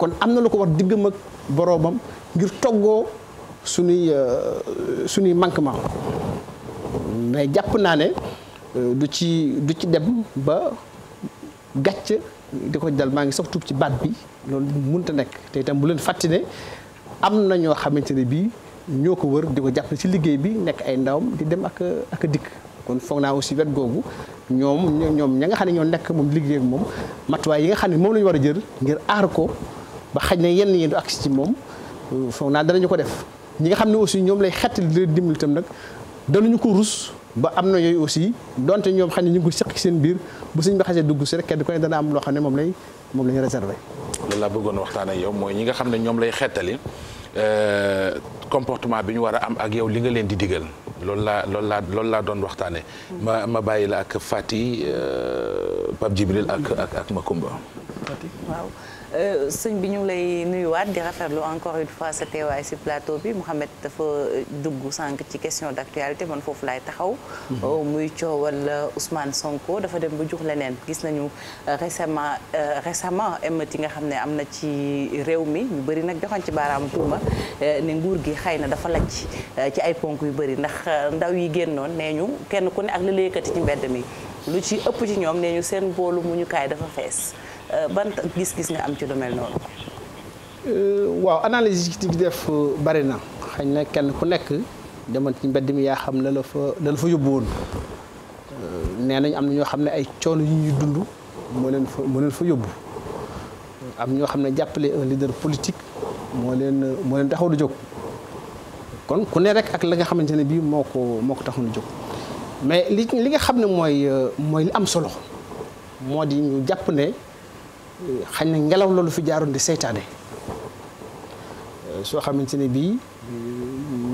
kon am lu ko war diggam ak boroomam ngir togo suni euh, suni manquement mais japp na ne euh, du ci du ci dem ba gatch diko dal ma ngi sax tup ci bat bi loolu mënta nek te itam bu len fatine am na ñoo xamante ko wër diko japp ci liggey bi nek ay ndawm di dem ak ak dikk kon fogna aussi wet gogou ñom ñom ña nga xam ñoo nek moom liggey ak mom matuwaay yi nga mom lañu wara ngir arko. ko ba xaj na yenn yi du agsi ci moom foog naa danañu ko def ñi nga xam ne aussi ñoom lay xettali di dimbali itam nag danañu ko rus ba am na yooyu aussi donte ñoom xam ne ñu ngi ko seq seen biir bu suñ ba xasee dugg si rek kenn dana am loo xam ne moom lay moom la ñu réservé. laa bëggoon waxtaan ak yow mooy ñi nga xam ne ñoom lay xettali euh, comportement bi ñu war a am ak yow li nga leen di digal loolu laa loolu laa loolu laa doon waxtaanee. ma ma bàyyi la ak Fati euh, Pape Djibril ak ak ak Makumba. Euh, sëñ bi ñu ngi lay nuyuwaat di rafetlu encore une fois sa teewaay si plateau bi Mouhamed dafa euh, dugg sànq ci question d'actualité man foofu laay taxaw. Mhm. Euh, muy coowal Ousmane Sonko dafa dem ba jux leneen gis nañu récemment récemment émeute yi nga xam ne am na ci réew mi ñu bëri nag joxoon ci baaraamu tuuma ne nguur gi xëy na dafa lacc ci ay ponk yu bëri ndax ndaw yi génnoon nee ñu kenn ku ne ak li la yëkkati ci mbedd mi lu ci ëpp ci ñoom nee ñu seen boolu mu ñu kaay dafa fees. Euh, ban gis-gis nga am ci lu mel noonu. Euh, waaw analyse yi di def euh, bari na xëy na kenn ku nekk demoon ci mbedd mi yaa xam la la fa la la fa yóbbu woon nee nañ am na ñoo xam ne ay coono yu ñuy dund moo leen fa moo fa yóbbu am ñoo xam ne jàppale un leader politique moo leen moo leen taxaw du jóg kon ku ne rek ak la nga xamante ne bii moo ko moo ko taxaw du jóg mais li li nga xam ne mooy mooy li am solo moo di ñu jàpp ne. xañ na ngelaw loolu fi jaaroon di seytaane soo xamante ne bii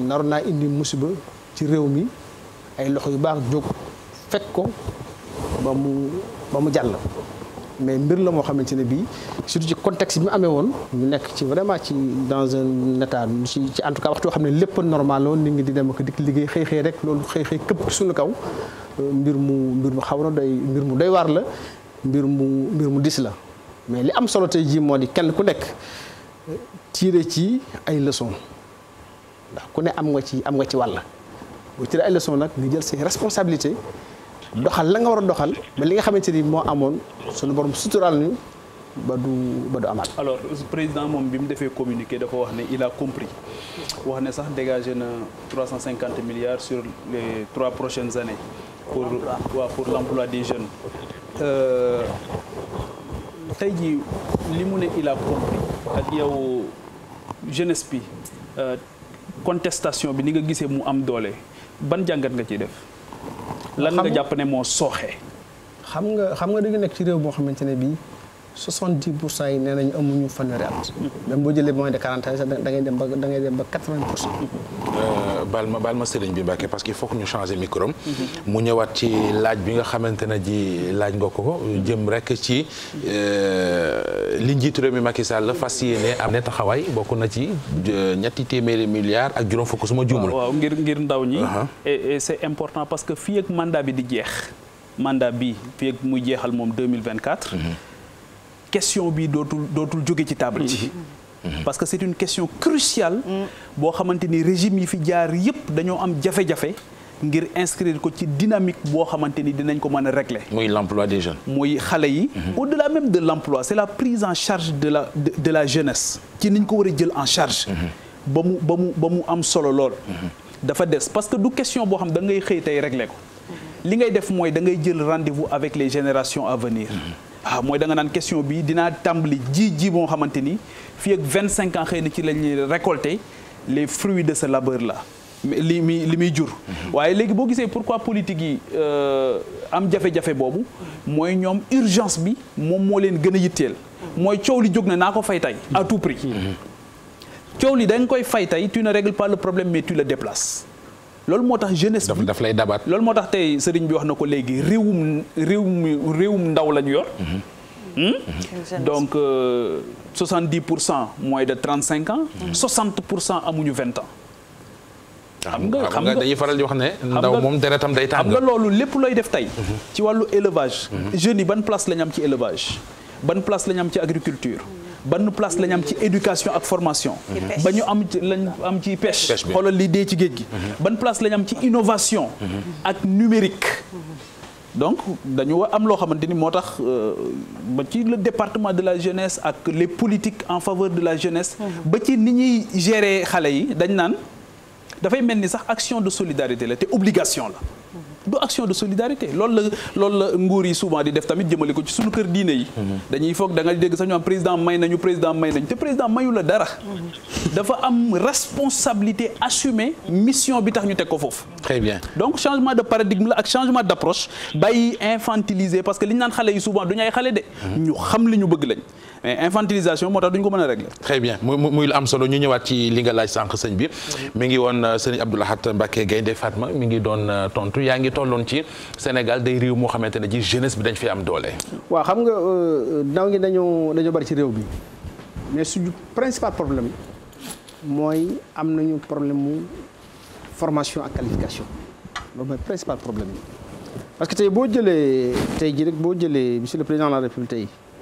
naroon naa indi musiba ci réew mi ay loxo yu baax jóg fekk ko ba mu ba mu jàll mais mbir la moo xamante ne bii surtout ci contexte bi mu amee woon ñu nekk ci vraiment ci dans un état ci ci en tout xam ne lépp normal la woon nit ngi di dem ak dikk liggéey xëy xëy rek loolu xëy xëy këpp suñu kaw mbir mu mbir mu xaw na doy mbir mu doy waar la mbir mu mbir mu dis la mais li am solo tay ji modi kenn ku nek tiré ci ay leçons da ku ne am nga ci am nga ci wàll bu tiré ay leçons nak ni jël say responsabilité doxal la nga wara doxal mais li nga xamante ni moo amoon suñu borom sutural ni ba du ba du amaat. alors président mom bi mu communiquer communiqué dafa wax né il a compris wax né sax dégager na 350 milliards sur les trois prochaines années pour waaw pour l'emploi des jeunes. euh tey jii li mu ne il a ak yow jeunesse bi euh, contestation bi ni nga gisee mu am doole ban jàngat nga ci def. lan nga jàpp ne moo sooxee xam nga xam nga dañu nekk ci réew moo xamante ne bii. 70 pour cent yi nee nañu amuñu fanweeri at. même boo jëlee moins de 40 ans sax da ngay dem ba da ngay dem ba 80 pour cent. Euh, baal ma baal ma sëriñ bi Mbacke parce que il faut que ñu changer micro mu ñëwaat ci laaj bi nga xamante ne ji laaj nga ko jëm rek ci euh, li njiitu réew mi Macky Sall fas yéene am ne taxawaay bokk na ci euh, ñetti téeméeri milliards ak juróom fukk suma juumul. waaw ngir ngir ndaw ñi. Uh-huh. et c'est important parce que fii ak bi di jeex. mandat bi fii ak jeexal moom 2024. question bi dootul dootul jóge ci table ci mhm. mhm. parce que c'est une question cruciale bo xamanteni régime yi fi jaar yépp dañoo am jafé jafé ngir inscrire ko ci dynamique bo xamanteni dinañ ko mën régler. moy l'emploi des jeunes. moy xalé yi. Mhm. au-delà même de l'emploi c'est la prise en charge de la de, de la jeunesse. ci niñ ko war jël en charge. ba mu ba am solo lool. dafa des parce que du question bo xam da ngay xey tay régler ko. li ngay def moy da ngay jël rendez-vous avec les générations à venir. Mm-hmm. Ah, moi dans da question bi dina tambli ji ji ak 25 ans les fruits de ce labeur là les mi-jour. je pourquoi politique yi euh, am jafé jafé bobu une ñom urgence bi mom mo leen gëna yittel moy li fay à tout prix. Mhm. tu ne règles pas le problème mais tu le déplaces loolu motax jeunesse bi daf lay dabat loolu motax tay serigne bi wax na ko léegi réewum réewum ndaw lañ yor. Mhm. Hmm? donc euh, soixante dix pour moins de 35 ans. Mhm. soixante pour cent amuñu vingt ans. Ah, xam nga xam nga dañuy faral di wax ne. ndaw moom deretam day tàng. xam nga loolu lépp looy def tey. Mhm. ci wàllu élevage. jeunes yi ban place lañ am ci élevage. ban place lañ am ci agriculture ban place lañ am ci éducation ak formation. ba am lañ am ci pêche. xoolal li dee ci géej gi. Mhm. place lañ am ci innovation. Mhm. ak numérique. donc dañu am loo xamante ni moo euh, ba ci le département de la jeunesse ak les politiques en faveur de la jeunesse. Mhm. ba ci gérer xale yi dañ naan dafay sax action de solidarité la obligation la action de solidarité C'est la que la souvent di def tamit président président nous président mayu le mhm. responsabilité assumée mission bi très bien donc changement de paradigme et changement d'approche, que nous parce que li que nous souvent du que nous savons ñu xam li mais infantilisation moo tax duñ ko mën régler. très bien muy lu am solo ñu ñëwaat ci li nga laaj sànq sëñ bi mi ngi won euh, sëñ Abdou Lahat Mbacké Gaynde Fatma mi ngi don euh, tontu ya ngi tollon ci Sénégal day réew mo xamante ne ji jeunesse bi dañ fi am doole. wa xam nga euh, ndaw ngi dañu dañu bari ci réew bi mais suñu principal problème moy am nañu problème formation ak qualification loolu mooy principal problème parce que tay bo jëlé tay ji rek bo jëlé monsieur le président de la république tey.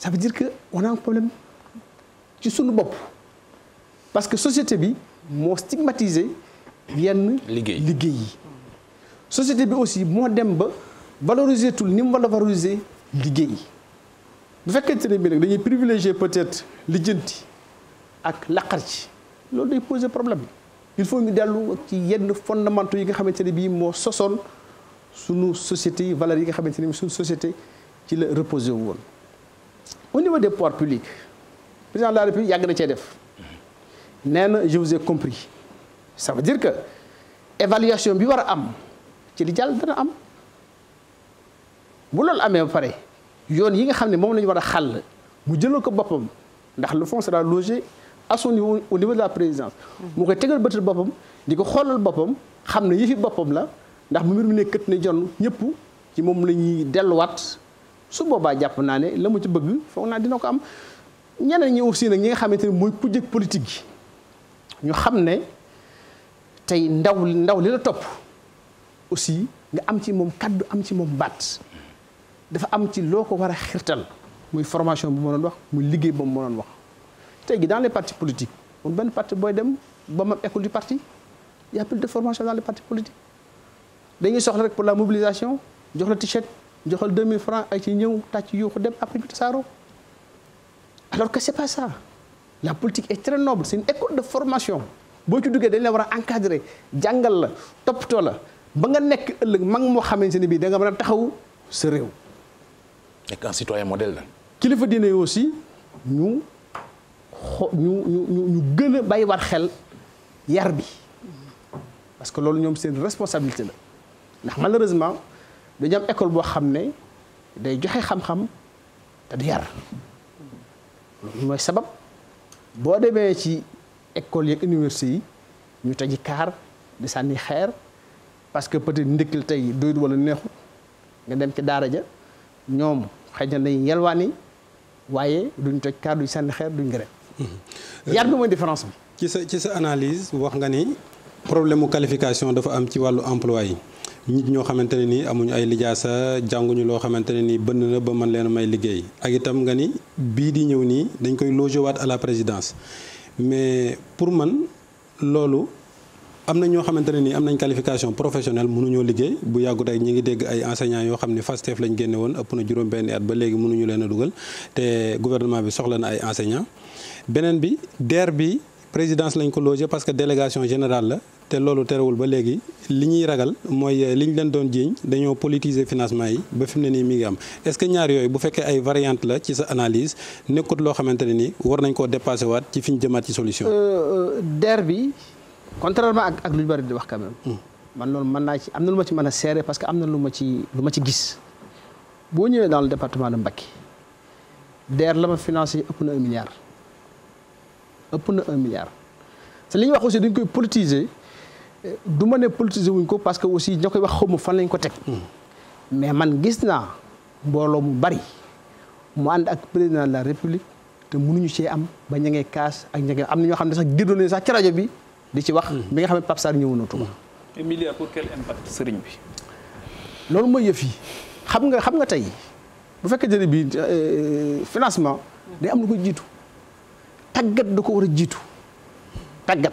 ça veut dire que a un problème ci sunu nous parce que société bi stigmatisée stigmatisé yenn société bi aussi moo dem valoriser tout, ni a valoriser liggéey bu bi peut-être lijjanti ak la il pose problème il faut que nous ci yenn fondamentaux qui nga société valoriser yi société au niveau des pouvoirs publics président de la république je vous ai compris ça veut dire que évaluation bi war vous am ci vous avez dana am bu Vous yi nga au niveau de la mu ko vous ndax le fond sera logé à son niveau au niveau de la présidence mu vous que vous vous la ndax mu kët vous ci su boobaa jàpp naa ne ci bëgg foog na dina ko am ñeneen ñi aussi nag ñi nga xamanteni ne mooy politique gi ñu xamne tay tey ndaw ndaw li la aussi nga am ci mom kaddu am ci mom baat dafa am ci loko wara xirtal muy formation bu mo doon wax muy liggéey bu mo ma wax tay gi dans les partis politiques on ben parti boy dem ba ma école du parti y a plus de formation dans les partis politiques dañuy soxla rek pour la mobilisation jox la t-shirt 2000 francs ay ci après alors que c'est pas ça la politique est très noble c'est une école de formation Si tu veux dañ la encadrer jàngal la la ba nga mag un citoyen modèle Ce Qu'il faut dire aussi nous, nous nous, ñu ñu parce que c'est c'est responsabilité malheureusement dañu am école day joxe xam-xam sabab ci école université ñu parce que peut-être ndékkil tey doyut wala neexut nga dem ci daara ja mm-hmm. yar différence ci sa ci sa analyse wax nga ni problème qualification dafa am ci nit ñoo xamante ne nii amuñu ay lijaasa jànguñu loo xamante ne nii bënn na ba man leen may liggéey ak itam nga ni bii di ñëw nii dañ koy logé waat à la présidence mais pour man loolu am na ñoo xamante ne nii am nañ qualification professionnelle munuñoo liggéey bu yàggut rek ñi ngi dégg ay enseignants yoo xam ne FASTEF lañ génne woon ëpp na juróom-benni at ba léegi mënuñu leen dugal te gouvernement bi soxla na ay enseignants beneen bi DER bi présidence lañ ko logé parce que délégation générale la te loolu terewul ba légui liñuy ragal moy eh, li ñu leen doon djign dañoo politiser financement yi ba fimné mu mi ngi am est-ce que ñaar yoy bu fekkee ay variante la ci sa analyse nekkut lo xamante ni war nañ ko dépasser wat ci fiñu ñu jëmaat ci solution. euh, euh derbi contrairement ak ak lu bari di wax quand même. Hmm. man loolu man na ci am na lu ci mën a parce que am na lu ci luma ci gis bo ñëwee dans le département de Mbacké DER la ma financé ëpp na un milliard ëpp na un milliard c'est li ñu wax aussi dañ koy politiser. du ma ne politiser wuñ ko parce que aussi ñoo koy wax xaw ma fan lañ ko teg. mais man gis naa mbooloo mu bari mu ànd ak président de la république te mënuñu cee am ba ña ngay kaas ak ña am na ñoo xam ne sax génnoon nañ sax ci rajo bi di ci wax. bi hmm. nga xam ne Pape Sarr ñëwoon na Touba. Emilia pour bi. loolu mooy yëf yi xam nga xam nga tey bu fekkee jëri bi euh, financement. day am lu ko jiitu tàggat da ko war a jiitu tàggat.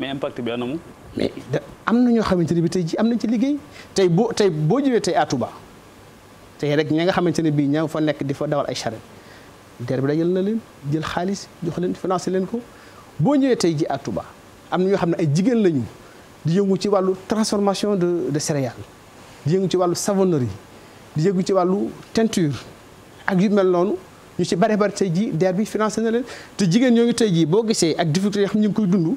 mais impact bi anamu. mais am na ñoo xamante ne bi tey ji am nañ ci liggéey tey boo tey boo ñëwee tey à Touba tey rek ña nga xamante ne bii ña fa nekk di fa dawal ay charrette der bi dajal na leen jël xaalis jox leen financé leen ko boo ñëwee tey ji à Touba am na ñoo xam ne ay jigéen lañu di yëngu ci wàllu transformation de de céréales di yëngu ci wàllu savonnerie di yëngu ci wàllu teinture ak yu mel noonu ñu ci bare bare tey ji der bi financé na leen te jigéen ñoo ngi tey jii boo gisee ak difficulté yoo ñu ngi koy dund.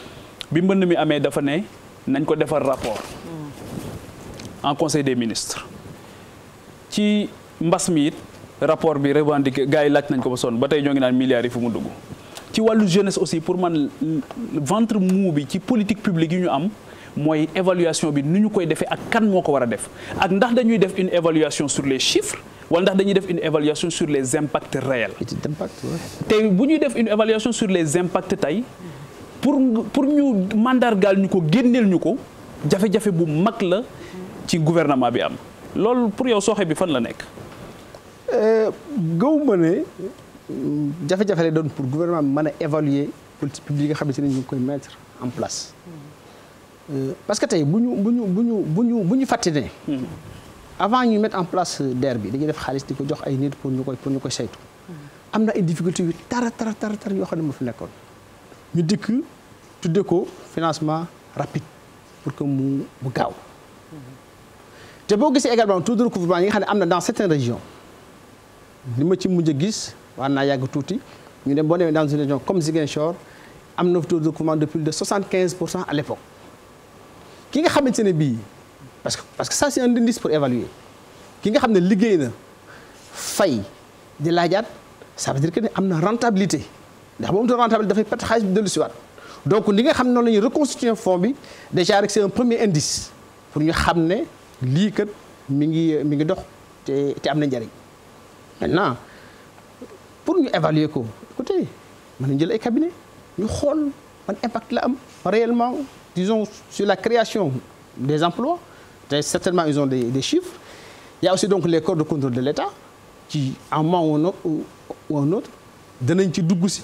bi suis mi amé dafa rapport hmm. en conseil des ministres ci rapport bi ko milliards yi dugg ci jeunesse aussi pour man ventre mou bi politique publique yi ñu am moy évaluation bi koy def ak ndax dañuy une évaluation sur les chiffres une évaluation sur les impacts réels. si une évaluation sur les impacts taille. pour pour ñu mandargaal ñu ko génneel ñu ko jafe-jafe bu mag la ci gouvernement bi am loolu pour yow sooxe bi fan la nekk. Euh, gaw ma ne jafe-jafe lay doon pour gouvernement bi mën a évaluer politique publique yi nga xamante ne ñu ngi koy mettre en place. Euh, parce que tey bu ñu bu ñu bu ñu bu ñu bu ñu fàtte ne. Hmm. avant ñu mettre en place DER bi dañuy def xaalis di ko jox ay nit pour ñu koy pour ñu koy saytu. Hmm. am na ay difficultés yu tara tara tara tara yoo xam ne moo fi nekkoon. ñu dikk tudde ko financement rapide pour que mu gaw té bo boo également tout recouvrement yi nga xamné amna dans certaines régions li ma ci mujj gis wa na yàgg touti ñu dem bo demee dans une région comme Ziguinchor amna na taux de recouvrement de plus de 75 à l'époque ki nga xamante ne bi parce que parce que ça c'est un indice pour évaluer ki nga xamné ne liggéey na fay di laajaat ça veut dire que amna rentabilité ndax rentable dafay bi donc nous nga xam ne la fonds déjà rek c'est un premier indice pour nous amener à lii kat mi ngi mi ngi dox maintenant pour nous évaluer ko écoutez mën nañu jël ay cabinet ñu xool impact réellement disons sur la création des emplois certainement ils ont des des chiffres il y a aussi donc les corps de contrôle de l'État qui en moment ou un autre donnent ci dugg ci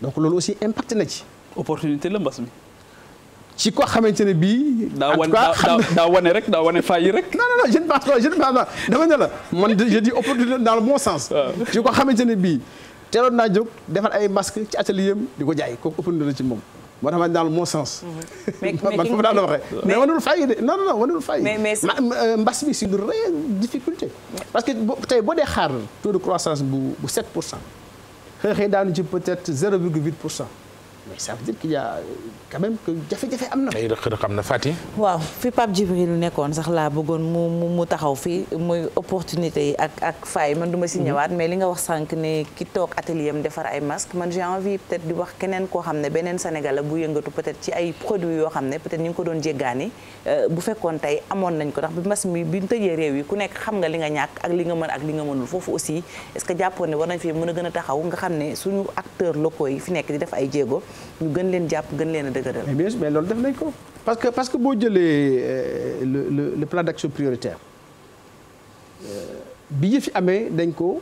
donc loolu aussi impact na ci. opportunité la mbas mi. ci koo xamante ne bii. daa wane daa wane rek daa wane faa rek. non non non je ne pense pas je ne pense pas dama ne la man je dis opportunité dans le bon sens. ci koo xamante ne bii teeloon naa jóg defal ay masque ci atelier am di ko jaay kooku opportunité la ci moom. moo tax ma dans le bon sens. [LAUGHS] mais mais man foofu daal la waxee. mais wanul fay de non non wanul fay. mais mais euh, mbas bi c'est difficulté. parce que boo tey boo dee xaar taux de croissance bu 7 xëy peut-être 0,8 mais ça veut dire qu'il y a quand jafe-jafe am na. ay rëq-rëq am na Fati. waaw fi Pape Djibril nekkoon sax laa bëggoon mu mu taxaw fii muy opportunité yi ak ak faay man du ma si mhm. ñëwaat mais li nga wax sànq ne ki toog atelier am defar ay masques man j'ai envie peut-être di wax keneen koo xam ne beneen Sénégal bu yëngatu peut-être ci ay yoo xam ne peut-être ñu ko doon jéggaani euh, bu fekkoon tey amoon nañ ko ndax bi mas mi bi ñu tëjee réew yi ku nekk xam nga li nga ñàkk ak li nga mën ak li nga mënul foofu aussi est-ce que jàppoon ne war nañ fi mën a gën a taxaw nga xam ne suñu acteurs locaux yi fi nekk di def ay jéego ñu gën leen japp gën leen dëgëral. mais bien sûr mais loolu def nañ ko parce que parce que bo jëlé euh, le le plan d'action prioritaire euh, bi yëf amé dañ ko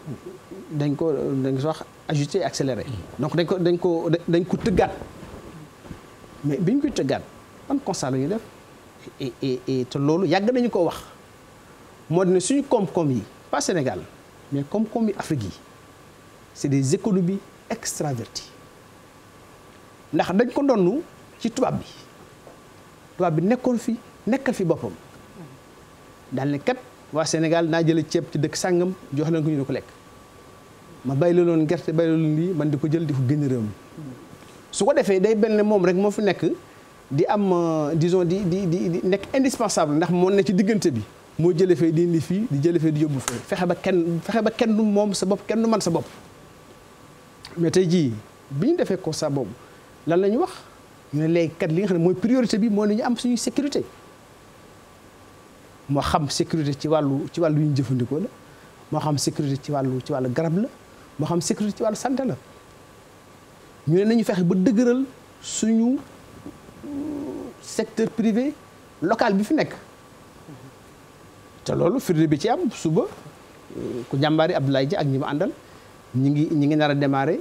dañ ko dañ wax ajuster accélérer donc dañ ko dañ ko dañ ko tëggaat mais biñ ko tëggaat ban constat la def et et et te loolu yag nañ ko wax moo ne suñu comme comme yi pas Sénégal mais comme comme yi Afrique yi c'est des économies extraverties ndax dañ ko donnu ci tubaab bi tubaab bi nekkoon fi nekkal fi boppam daal ne kat waa Sénégal naa jële ceeb ci dëkk sàngam jox leen ko ñu ko lekk ma bay la loon gerte bay la loon lii man di ko jël di ko génn réew mi su ko defee day benn moom rek moo fi nekk di am euh, disons di di di nekk indispensable ndax moo ne ci diggante bi moo jële fee di indi fii di jële fee di yóbbu fee fexe ba kenn fexe ba kenn du moom sa bopp kenn du man sa bopp mais tey jii bi ñu defee constat boobu lan la ñu wax ñu ne léegi kat li nga xam ne mooy priorité bi moo ne ñu am suñu sécurité moo xam sécurité ci wàllu ci wàllu yu jëfandikoo la moo xam sécurité ci wàllu ci wàllu garab la moo xam sécurité ci wàllu santé la ñu ne nañu fexe ba dëgëral suñu secteur privé local bi fi nekk te loolu firnde bi ci am suba ku jàmbaari Abdoulaye Dia ak ñi àndal ñi ngi ñi ngi nar a démarrer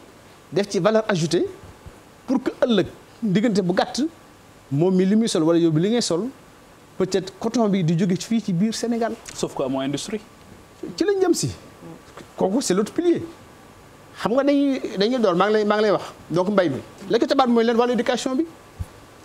def ci valeur ajoutée pour que ëllëg diggante bu gàtt moom mi li muy sol wala yóbbu li ngay sol peut-être coton bi di jóge fii ci biir Sénégal. sauf que amoo industrie. ci lañ jëm si. kooku c'est l'autre pilier. xam nga dañuy dañuy door maa ngi lay maa ngi lay wax donc mbay bi la ko tabaat mooy leen wàllu éducation bi.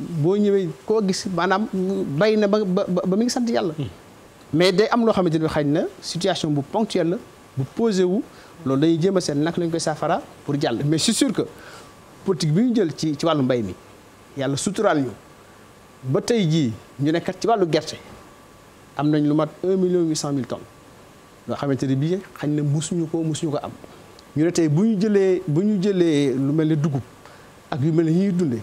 boo ñëwee koo gis maanaam bay na ba ba mi ngi sant yàlla. Hmm. mais day am loo xamante ni xañ na situation bu ponctuelle la bu posé wu. loolu dañuy jéem a seet naka lañ koy saafara pour jàll mais su sûr que politique bi ñu jël ci ci wàllu mbay mi yàlla suturaal ñu ba tey jii ñu nekk ci wàllu gerte am nañ lu mat 1 million cent mille tonnes loo xamante ne bii xañ na musuñu ko musuñu ko am ñu ne tey bu ñu jëlee bu ñu jëlee lu mel ne dugub ak yu mel ni ñuy dundee.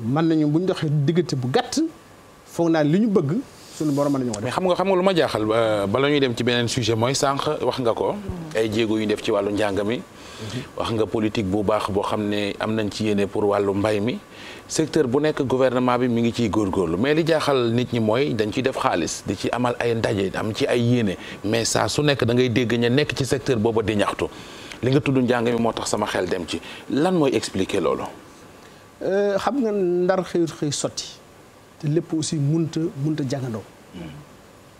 mën nañu bu ñu doxee diggante bu gàtt foog naa li ñu bëgg suñu borom mën nañu wax def. mais xam nga xam nga lu ma jaaxal euh, bala ñuy dem ci beneen sujet mooy sànq wax nga ko. Mm. ay jéego yu def ci wàllu njàng mi. Mm-hmm. wax nga politique bu baax boo xam ne am nañ ci yéene pour wàllu mbay mi. secteur bu nekk gouvernement bi mi ngi ciy góorgóorlu mais li jaaxal nit ñi mooy dañ ciy def xaalis di ci amal ay ndaje am ci ay yéene mais saa su nekk da ngay dégg ña nekk ci secteur booba di ñaxtu li nga tudd njàng mi moo tax sama xel dem ci lan mooy expliquer loolu. Euh, xam nga ndar xëyut xëy sotti te lépp aussi munta munta jàngandoo hmm.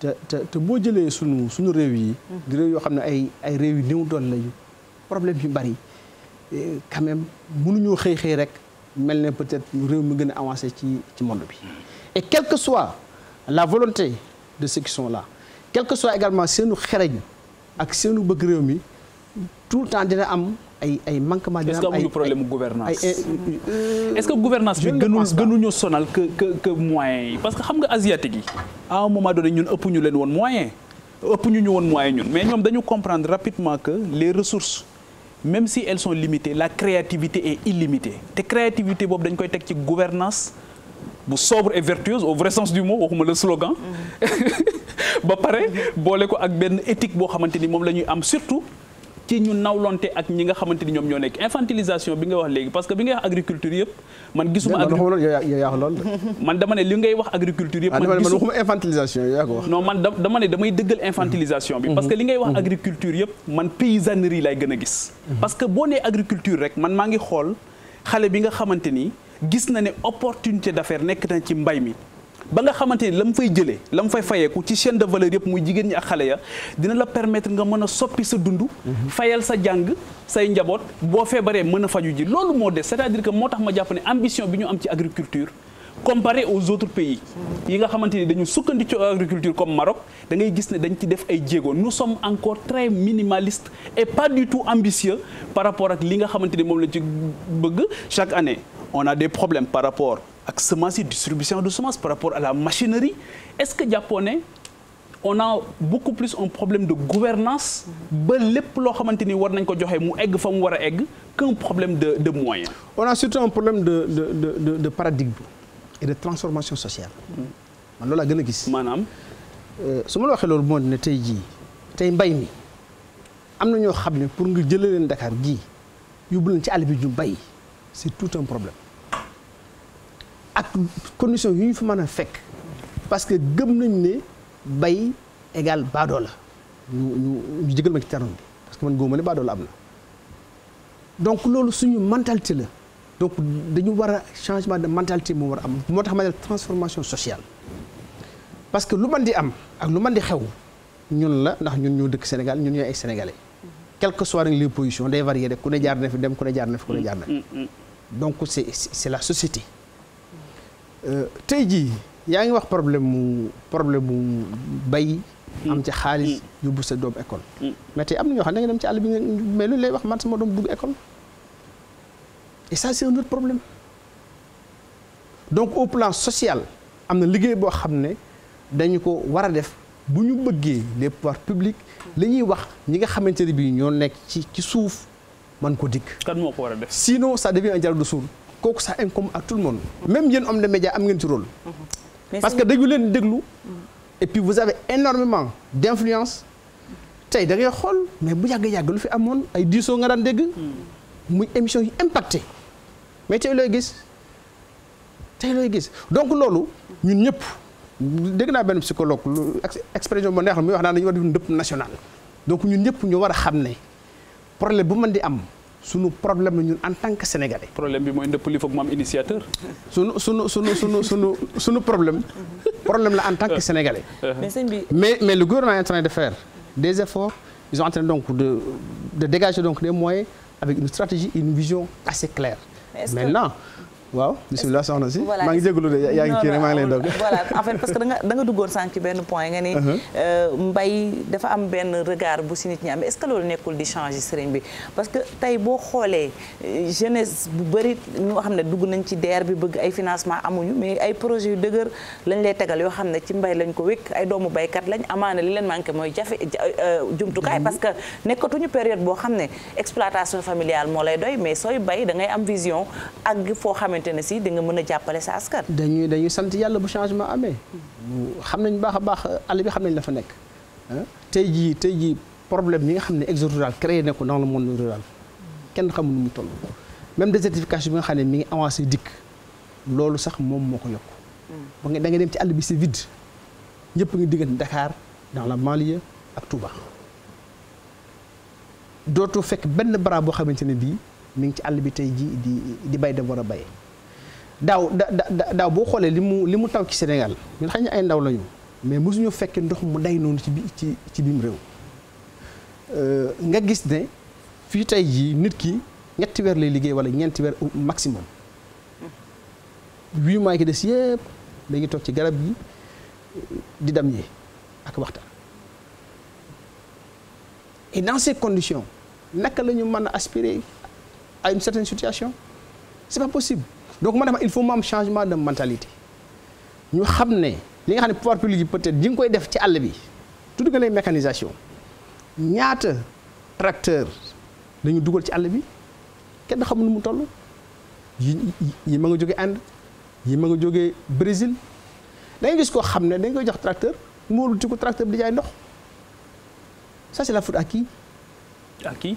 te te te boo jëlee sunu suñu réew yi di réew yoo xam ne ay ay réew yu néew doole lañu problème yu bari eh, quand même munuñu xëy xëy rek mel ne peut-être réew mi gën a avancé ci ci monde bi hmm. et quel que soit la volonté de ceux qui sont là quel que soit également seenu xereñ ak seenu bëgg réew mi tout le temps dina am ay ay manquement dina am ay est-ce que gouvernance euh, est-ce que gouvernance bi plus gënuñu que que moyens parce que xam nga asiatique à un moment donné ñun ëpp ñu leen moyen ëpp ñu ñu mais nous dañu comprendre rapidement que les ressources même si elles sont limitées la créativité est illimitée la créativité c'est dañ koy gouvernance sobre et vertueuse au vrai sens du mot waxuma le slogan mm-hmm. [LAUGHS] ba pareil, boole ko ak éthique boo xamante surtout ci ñu nawlonte ak ñi nga xamante ni ñoom ñoo nekk infantilisation bi nga wax léegi parce que bi ngay wax agriculture yëpp man gisuma [LAUGHS] man dama li ngay wax agriculture yëpp ah, man waxuma infantilisation yaa ko wax non man dama ne damay dëggal infantilisation bi parce que li ngay wax mhm. agriculture yëpp man paysannerie lay gën a gis mhm. parce que boo ne agriculture rek man maa ngi xool xale bi nga xamante ni gis na ne opportunité d'affaires nekk na ci mbay mi ba nga xamanteni lam fay jëlee lam mu fay fayeeku ci chaîne de valeur yëpp muy jigéen ñi ak xalé ya dina la permettre nga mën soppi sa dundu mhm. fayal sa jang say njabot bo feebaree mën a faju ji lolu mo des c'est-à-dire que motax ma japp ne ambition bi ñu am ci agriculture comparé aux autres pays yi nga xamanteni dañu sukkandi ci agriculture comme Maroc da ngay gis né dañ ci def ay djégo nous sommes encore très minimalistes et pas du tout ambitieux par rapport ak li nga xamanteni mom la ci bëgg chaque année on a des problèmes par rapport ak semence distribution de semence par rapport à la machinerie est-ce que japonais on a beaucoup plus un problème de gouvernance ba lépp loo xamante ni war nañ ko joxe mu egg fa mu war egg qu'un problème de de moyens. on a surtout un problème de de de de, paradigme et de transformation sociale. man loolu laa gis. Manam. Euh, su ma la waxee loolu moo ne tey jii tey mbay mi am na ñoo xam ne pour nga jëlee leen Dakar gii yóbbu leen ci àll bi ñu bay c'est tout un problème ak condition yu ñu fa mën fekk parce que gëm nañ ne bay égal baadoo la ñu ñu ñu jëgal ma ci terme parce que man góob ma ne baadoo la am donc loolu suñu mentalité la donc dañu war a changement de mentalité moo war a am moo tax transformation sociale parce que lu man di am ak lu man di xew ñun la ndax ñun ñoo dëkk Sénégal ñun ñooy ay sénégalais quel que soit nag les positions day varier rek ku ne jaar na fi dem ku ne jaar na fi ku ne jaar na mm, mm, mm, donc c'est c'est la société Euh, tay ji yaa ngi wax problème mu problème mu bay. Hmm. am ci xaalis hmm. yóbbu sa doom école. Hmm. mais tey am ñu xam na nga dem ci àll bi mais lu lay wax man sama doom dugg école. et ça c'est un autre problème. donc au plan social amna liguey bo xamne dañ ko wara def bu ñu bëggee les pouvoirs publics li ñuy wax ñi nga xamanteni bi ñoo nekk ci ci souf man ko dik kan moko wara def sinon ça devient un jardin de sourds. kooku ça incombe à tout le monde même yéen hommes de médias am ngeen ci rôle parce que dañu leen mm. et puis vous avez énormément d'influence tey da ngay xool mais bu yàgg yàgg lu fi amoon ay diisoo nga daan dégg mm. muy émission yi impacté mais tey looy gis tey looy gis donc loolu ñun ñëpp dégg naa benn psychologue lu expression ba neex la muy wax naan dañu war def ndëpp national donc ñun ñëpp ñu war a xam ne problème bu mën di am sur problème problèmes en tant que sénégalais. problème bi mooy li initiateur. sunu problème en tant que sénégalais. mais mais le gouvernement est en train de faire des efforts ils sont en train donc de de dégager donc des moyens avec une stratégie et une vision assez claire. mais maintenant. waaw bisimilah soxna si. voilà maa ngi jégalu de yaa ngi kii maa ngi lay dog [LAUGHS] voilà en fait parce que da nga nga duggoon benn point nga uh-huh. euh, bu si am est ce que di changer sëriñ bi parce que tey boo xoolee euh, jeunesse bëri ñoo xam ne dugg nañ ci DER bi bëgg ay financement amuñu mais ay projet yu dëgër lañ lay tegal yoo xam ne ci mbay lañ ko wékk ay doomu baykat lañ amaana li leen manqué mooy jafe euh, jumtukaay mm-hmm. parce que nekkatuñu période boo xam ne exploitation familiale moo lay doy mais sooy bay da ngay am vision ak foo xamante xamante ne si di nga mën a jàppale sa askan. dañuy dañuy sant yàlla bu changement amee. xam nañ baax a baax àll bi xam nañ la fa nekk. Ah. tey jii tey jii problème mi nga xam ne exode créé na ko dans le monde rural kenn xamul nu mu toll. même désertification bi nga xam ne mi ngi avancé dikk loolu sax moom moo ko yokk. ba nga dem ci àll bi c'est vide ñëpp ngi diggante Dakar dans la banlieue ak Touba. dootoo fekk benn bara boo xamante ne bii mi ngi ci àll bi tey ji di di bay da war a bay Daw, taw ci Sénégal ay ndaw lañu mais nous fekk ndox mu day non, ci ci ci rew euh nga gis nit ki ñetti lay liggéey wala maximum huit mois ki des yëpp de tok ci garab bi di dam ak waxtaan et dans ces conditions naka aspirer à une certaine situation c'est pas possible donc madame il faut même changement de mentalité Nous savons que li nga a pouvoir public peut-être ñi ngi koy def ci Toutes bi mécanisations. nga lay mécanisation ñaata tracteur dañu dugal ci àll bi Il mu toll yi ma Inde yi Brésil gis dañ koy jox tracteur qui ci tracteur ça c'est la faute à qui à qui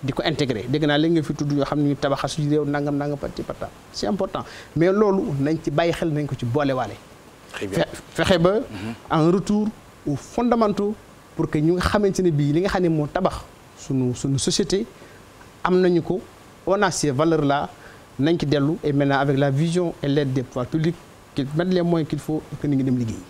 diko intégrer dégg naa léegi nga fi tuddu yo xamni ne ñu tabaxa suñu réew nangam nangam parti c'est important mais lolu nañ ci baye xel nañ ko ci walé fexé ba mm-hmm. en retour au fondamentaux pour que ñu nga xamante ne li nga xam mo tabax suñu suñu société am nañu ko on a ces valeurs là nañ ci delu et maintenant avec la vision et l'aide des pouvoirs publics qu'ils mettent les moyens qu'il faut que ni ngi dem liggéey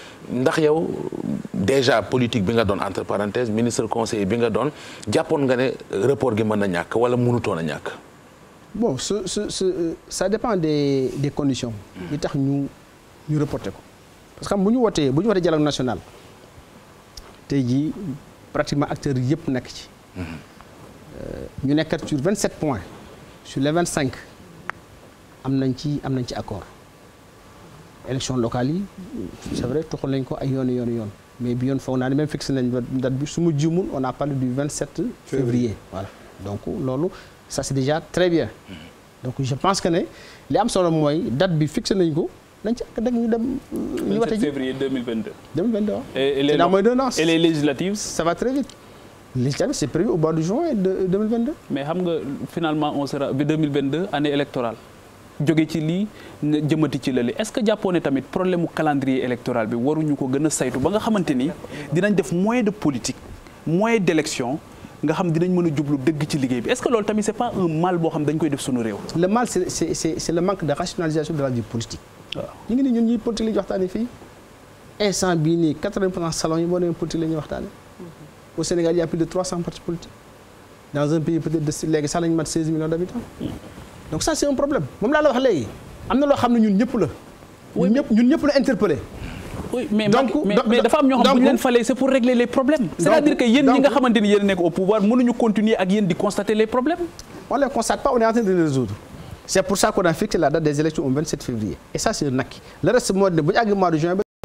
ndax yow déjà politique bi nga entre parenthèses le ministre conseiller bi nga avez, jàppoon nga ne report gi un na ñàkk wala bon ce ce ça dépend des des conditions. Il tax ñu ñu reporté parce que si nous ñu wootee bu dialogue national nous jii pratiquement acteurs yëpp nekk ci. Euh, ñu nekkat sur 27 points sur les 25 nous avons ci accord élection locale c'est vrai tout le monde monde mais on a même fixé nañ on a parlé du 27 février voilà donc ça c'est déjà très bien donc je pense que les li sont solo date bi fixé nañ ko euh, février 2022 hein. et les législatives ça va très vite Les législatives c'est prévu au mois de juin 2022 euh, mais finalement on sera 2022 année électorale jóge ci lii jëmati ci lële est-ce que japoné tamit problème calendrier électoral bi waruñu ko gëna saytu ba nga xamanteni dinañ def moyen de politique moyen d'élection nga xam dinañ mëna a jublu dëgg ci liggéey bi est-ce que loolu tamit c'est pas un mal bo xam dañ koy def suñu réew. le mal c'est c'est c'est le manque de rationalisation de la vie politique. ñi ngi ni ñun ñi politique li ñu waxtaanee fii instant bi ni 80% salon yi boo demee politique la ñuy waxtaanee. Mm-hmm. au Sénégal il y a plus de 300 partis politiques dans un pays peut-être de légui sax lañu mat 16 millions d'habitants donc ça c'est un problème moom laa la wax léegi am na loo ne ñun ñëpp la. ñun ñëpp oui mais donc, mais mais dafa am ñoo xam bu c'est pour régler les problèmes. c'est-à-dire que yéen ñi nga xamante ni au pouvoir ñu continuer ak yéen di constater les problèmes. on les constate pas on est en train de les résoudre. c'est pour ça qu'on a fixé la date des élections au 27 février et ça c'est un acquis le reste mois de bu ñu mois de juin.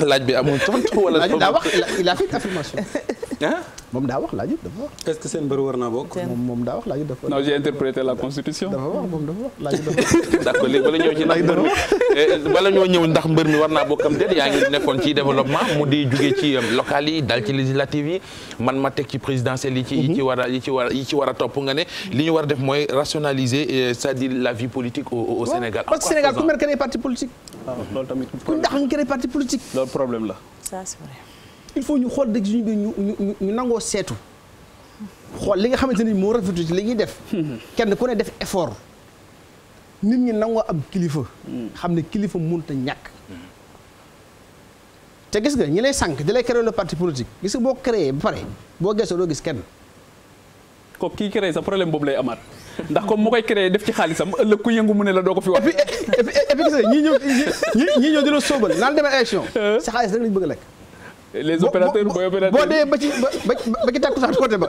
laaj bi amul tontu wala. laaj daa wax il a fait affirmation [LAUGHS] hein mom da wax laajut dafa wax. est-ce que seen mbër warna bok mom mom da wax laajut dafa non j'ai interprété la constitution. dafa wax moom dafa wax laajut dafa [LAUGHS] d'accord léegi bala ñëw ci ndax mbër mi bala ñoo ñëw ndax mbër mi war naa bokkam déet ngi nekkon ci développement mu di jugee ci euh, local yi dal ci législative yi man ma tek ci présidentielle yi ci ci wara yi ci mhm. wara a ci war a nga ne li ñu wara def moy rationaliser euh, c'est-à-dire la vie politique au Sénégal. parce que Sénégal ku mel ne parti politique loolu tamit ku ndax ñu créé parti politique. loolu problème la. ça c'est vrai. il faut ñu xool dëgg suñu biir ñu nangoo seetu. xool li nga xamante ni moo rafetlu ci li ñuy def. [LAUGHS] kenn ku ne def effort. nit ñi nangoo am kilifa. Mm. xam ne kilifa mënut a ñàkk. te gis nga ñi lay sànq di lay créé le parti politique gis nga boo créé ba pare boo gëstoo doo gis kenn. kooku kii créé sa problème boobu lay amaat. ndax comme mu koy créé def ci xaalisam ëllëg ku yëngu mu ne la doo ko fi wax. et puis et puis ñii ñëw ñii ñëw di la sóobal naan demee élection. [LAUGHS] Euh. sa xaalis rek lañ bëgg a lekk. les opérateurs booy opérateurs boo boo dee ba ci ba ci takkusaan côté ba.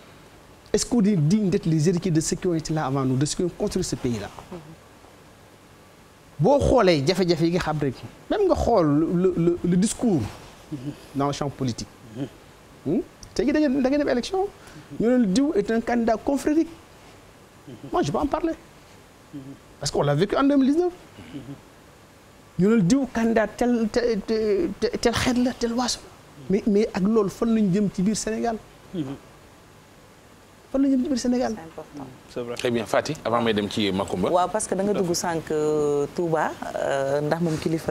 Est-ce qu'on est digne d'être les héritiers de ceux qui ont été là avant nous, de ce qui ont construit ce pays-là boo xoolee jafé jafé yi nga même le discours dans le champ politique hmm? Tu gi da ngeen dem élection le ne est un candidat confrérique moi je peux en parler parce qu'on l'a vécu en 2019 nous ne un candidat tel tel tel xeet tel waaso mais mais ak loolu que lañu jëm ci biir Sénégal fan la jëm ci biir Sénégal. parce que da nga dugg sànq euh, euh,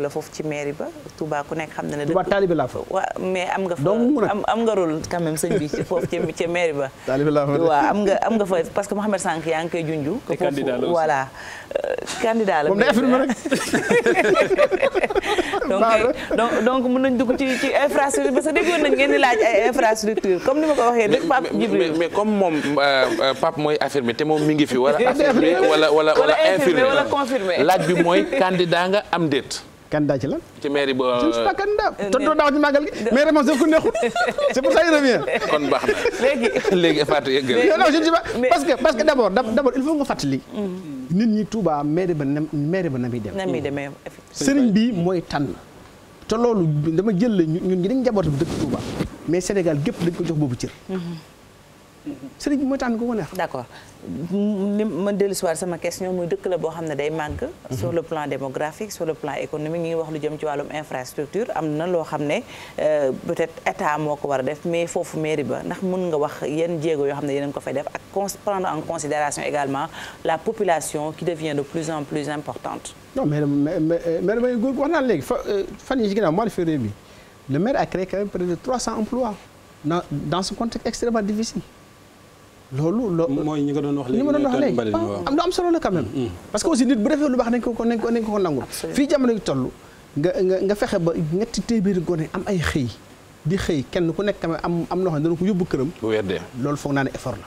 la foofu ci mairie ba Touba ku nekk xam ne. Touba taalibe laa fa. waaw mais am nga fa am am nga rôle quand même sëñ bi foofu ci ci mairie ba. que Mouhamed Sànq yaa ngi koy junju. te candidat la voilà. Euh, candidat la moom day affirmé rek. [LAUGHS] donc donc donc nañ dugg ci infrastructure parce que déggoon nañ ngeen ay infrastructure comme ni ma ko waxee. mais mais mais comme moom. Euh, euh, Pape mooy affirmer te moom mi ngi fi wala [LAUGHS] affirmer wala wala wala infirmer wala confirmer laaj bi mooy candidat nga am déet. candidat ci lan. ci mairie ba. je ne suis pas candidat euh, tontoo daaw ci màggal gi mais réponse daf ko neexul c' est pour ça il revient. kon baax na léegi léegi Fatou yëggal. non je ne sais pas parce que parce que d' abord d' abord il faut nga fàttali. Mm-hmm. nit ñi Touba mairie ba na mairie ba na muy dem. na muy demee sëriñ bi mooy tànn. te loolu dama jël la ñun ñi dañ njabootam dëkk Touba mais Sénégal gépp dañ ko jox boobu cër. Mm-hmm. C'est ce que je ko ko d'accord ni ma dellusiwaat sama question muy dëkk la le xam ne day sur le plan démographique sur le plan économique sur l'infrastructure, wax lu jëm ci wàllum infrastructure euh, peut-être état mais il mairie ba ndax mën nga wax yenn jéego prendre en considération également la population qui devient de plus en plus importante. non mais maire veux dire, fan le maire a créé quand même près de 300 emplois dans ce contexte extrêmement difficile. loolu loolu mooy ñi nga doon wax léegi li ma doon wax léegi ah, am lu am solo la quand même mm-hmm. parce que aussi nit bu defee lu baax nañ ko ko nañ ko nañ ko ko nangul fii jamono gi toll nga nga nga fexe ba ñetti téeméeri gone am ay xëy di xëy kenn ku nekk am am loo xam ko yóbbu këram bu weer dee loolu foog effort la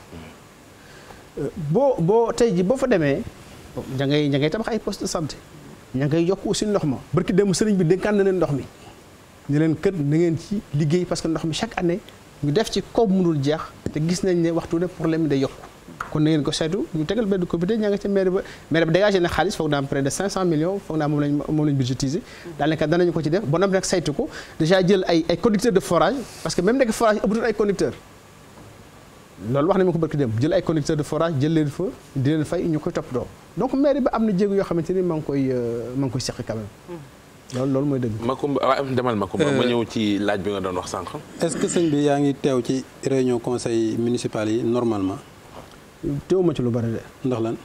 euh, boo boo tey ji boo fa demee ña ngay ña ngay tabax ay poste de santé ña ngay yokk aussi ndox ma barki dem sëriñ bi dénkaan na leen ndox mi ñu leen kër na ngeen ci liggéey parce que ndox mi chaque année ñu def ci ko mënul jeex te gis nañ ne waxtu ne problème day yokku kon na ngeen ko saytu ñu tegal benn comité ñaa nga ca maire ba maire ba dégagé na xaalis foog naa am près de 500 millions foog naa moom lañ moom lañ budgétiser budgétisé daanaka danañu ko ci def bonam nag saytu ko déjà jël ay ay conducteurs de forage parce que même nekk forage ëppatul ay conducteurs loolu wax nañu ko barki dem jël ay conducteurs de forage jël leen fa di leen fay ñu koy toppatoo donc maire ba am na jéego yoo xamante ni ma ngi koy euh, ma ngi koy seq quand même loolu loolu mooy dëgg. Makumba waaye ah, demal ma Makumba. Euh, ma ñëw ci laaj bi nga doon wax sànq. est-ce que sëñ bi yaa ngi teew ci réunion conseil municipal yi normalement. ma ci lu bari de. ndax lan.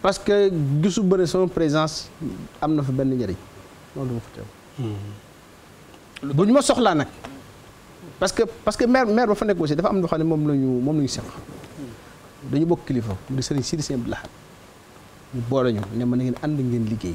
parce que gisu bëri sama présence am na fa benn njëriñ loolu hmm. bu ñu ma soxlaa nag. parce que parce que maire maire ba fa nekk aussi am loo xam ne moom la ñu moom la ñu seq dañu bokk kilifa di sëriñ Sidi Sène Abdou Lahad ñu boole ñu ne ma na ngeen ànd ngeen liggéey.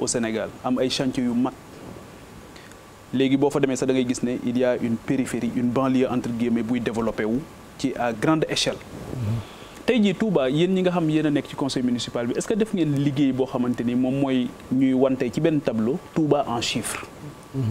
au Sénégal am ay chantier yu mag léegi boo fa demee sax da ngay gis il y a une périphérie une banlieue entre guillemets buy développé wu ci à grande échelle. tey jii Touba yéen ñi nga xam yéen a ci conseil municipal bi est-ce que def ngeen liggéey boo xamante ni moom mooy ñuy wante ci benn tableau Touba en chiffres. Mhm.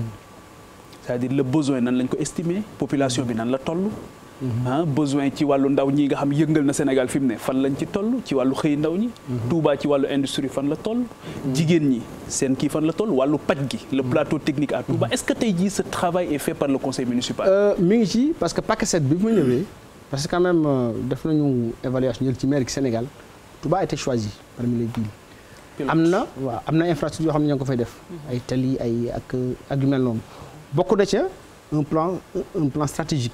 c'est-à-dire le besoin nan lañ ko estimer population bi nan la toll. Mm-hmm. ah besoin ci walu ndaw ñi nga xam yëngal na Sénégal fimné fan lañ ci tollu ci walu xey ndaw ñi mm-hmm. Touba ci walu industrie fan la toll mm-hmm. jigen ñi sen ki fan la toll walu paj gi le plateau technique à Touba est-ce que tay ji ce travail est fait par le conseil municipal euh, mi ngi ci parce que PACASET bi mu ñëwé parce que quand même euh, def nañu évaluation ñël ci maire gi Sénégal Touba a été choisi parmi les villes Amna, amna infrastructure yo xam ñango fay def ay tali ay ak ak mel non bokku da ca un plan un plan stratégique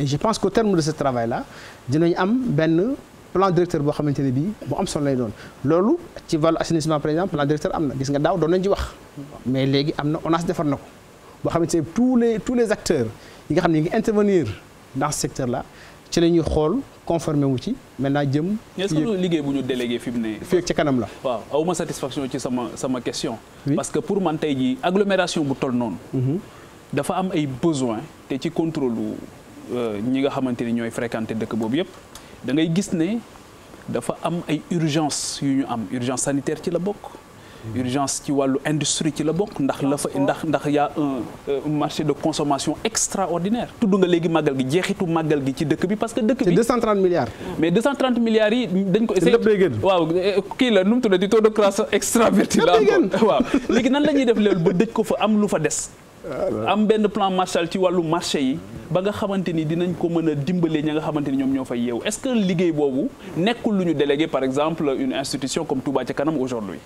et je pense qu'au terme de ce travail là dinañ am ben, plan directeur boo xamante bi bii bu am solo lay doon loolu ci wàllu assainissement par exemple plan directeur am na gis nga daaw doon nañ ci wax mais léegi on a ONAS defar na tous les tous les acteurs yi nga xam intervenir dans ce secteur là ci la ñuy xool conformé wu ci maintenant est-ce que liggéey bu ñu délégué fi mu ne. fii ci kanam la. waaw awuma satisfaction ci sama sama question. parce que pour man tey jii agglomération bu toll noonu. Mhm. dafa am ay besoins te ci contrôle euh, ñi nga xamanteni ñoy fréquenté dëkk bobu yëpp da ngay gis né dafa am ay urgence yu ñu am urgence sanitaire ci la bok urgence ci walu industrie ci la bok ndax la fa ndax ndax y'a un marché de consommation extraordinaire tuddu nga légui magal gi jéxitu magal gi ci dëkk bi parce que dëkk bi c'est 230 milliards mais 230 milliards yi dañ ko lépp day gën waaw ki la num mu tuddati taux de croissance extraverti la waaw légui nan lañuy def loolu ba dëj ko fa am lu fa dess am ben plan Marshall ci walu marché yi ba nga xamanteni dinañ ko mën a dimbalee ña nga xamante ni ñoom ñoo est-ce que liguey bobu nekkul luñu déléguer par exemple une institution comme Touba ci kanam aujourd'hui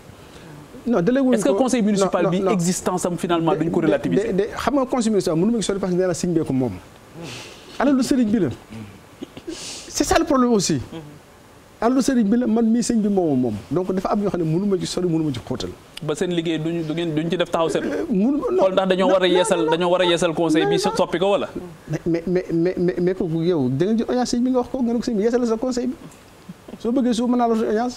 non délégué est-ce que conseil municipal bi existence am finalement duñ ko relativiser de xam nga conseil municipal mënu ma ko sori parce que nee na siñ beeku moom alors lu sëriñ bi la c'est ça le problème aussi àllu sëriñ bi la man mii sëñ bi mooma moom donc dafa am yoo xam ne mënu ma ci sori mënu ma ci xóotal ba seen liggéey duñ du ngeen duñ ci def taxaw seet euh, xool ndax dañoo war a yeesal dañoo war a yeesal conseil bi soppi ko wala mais mais mais mais kooku yow da nga jël audience sëñ bi nga wax ko nga ko sëñ bi yeesal sa conseil bi soo bëggee suuf mën naa la audience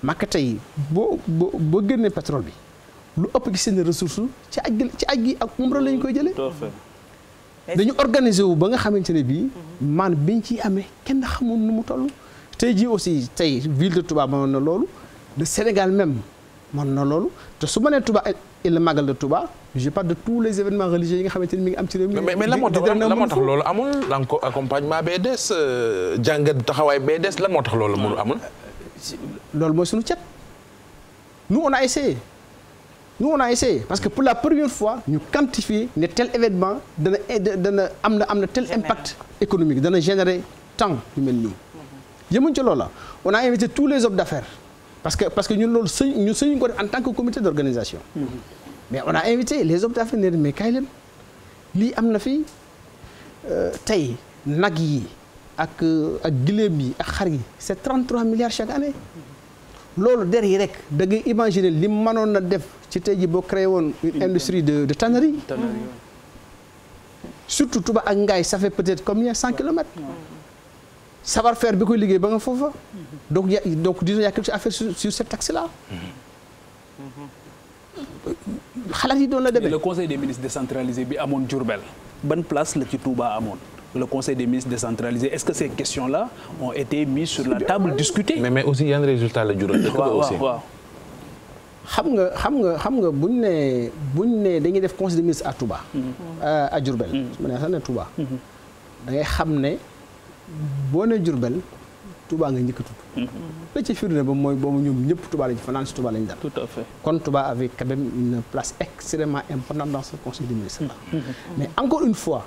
Màkka tey boo boo boo génnee pétrole bi lu ëpp ci seen ressource ci aj ci aj gi ak umra lañ koy jëlee. dañu organiser wu ba nga xamante ne bii. maan ñu ci amee kenn xamul nu mu toll. tey jii aussi tey ville de Touba mënoon na loolu le Sénégal même mën na loolu te su ma nee Touba il la magal de Touba je parle de tous les événements religieux yi nga xamante ni mi ngi am ci réew mi. mais mais lan moo tax taxawaay bee des lan moo tax loolu amul. nous on a essayé nous on a essayé parce que pour la première fois nous quantifier tel événement eh, tel impact économique dana générer tant de mel mhm. on a invité tous les hommes d'affaires parce que parce que en tant que comité d'organisation mhm. mais on a invité les hommes d'affaires ne mais Li ak ak guilem yi ak 33 milliards chaque année lolu derrière, imaginez, rek da ngay imaginer li une industrie de tannerie surtout Touba ak ça fait peut-être combien 100 kilomètres va faire bi koy donc y a, donc disons y a quelque chose à faire sur, cet là le conseil des ministres décentralisé bi amone djourbel ban place le ci Touba monde le Conseil des ministres décentralisé, est-ce que ces questions-là ont été mises sur la table, discutées mais, aussi, il y a un résultat à du aussi. xam nga xam nga xam nga buñ ne buñ ne dañuy def conseil des ministres à Touba. Mm-hmm. Euh, à Djourbel, mm-hmm. su ma nee sax à Touba. Mm-hmm. da ngay xam ne boo ne Djourbel, Touba nga njëkk a tudd. la ci firnde ba mooy boobu ñoom ñëpp Touba lañ fanaan si Touba lañ dal. tout à fait Quand Touba avait quand une place extrêmement importante dans ce conseil des ministres mais encore une fois.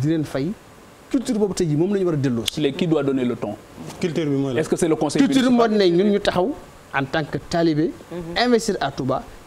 qui doit donner le temps est-ce que c'est le conseil. en tant que talibé. Mhm. à Touba.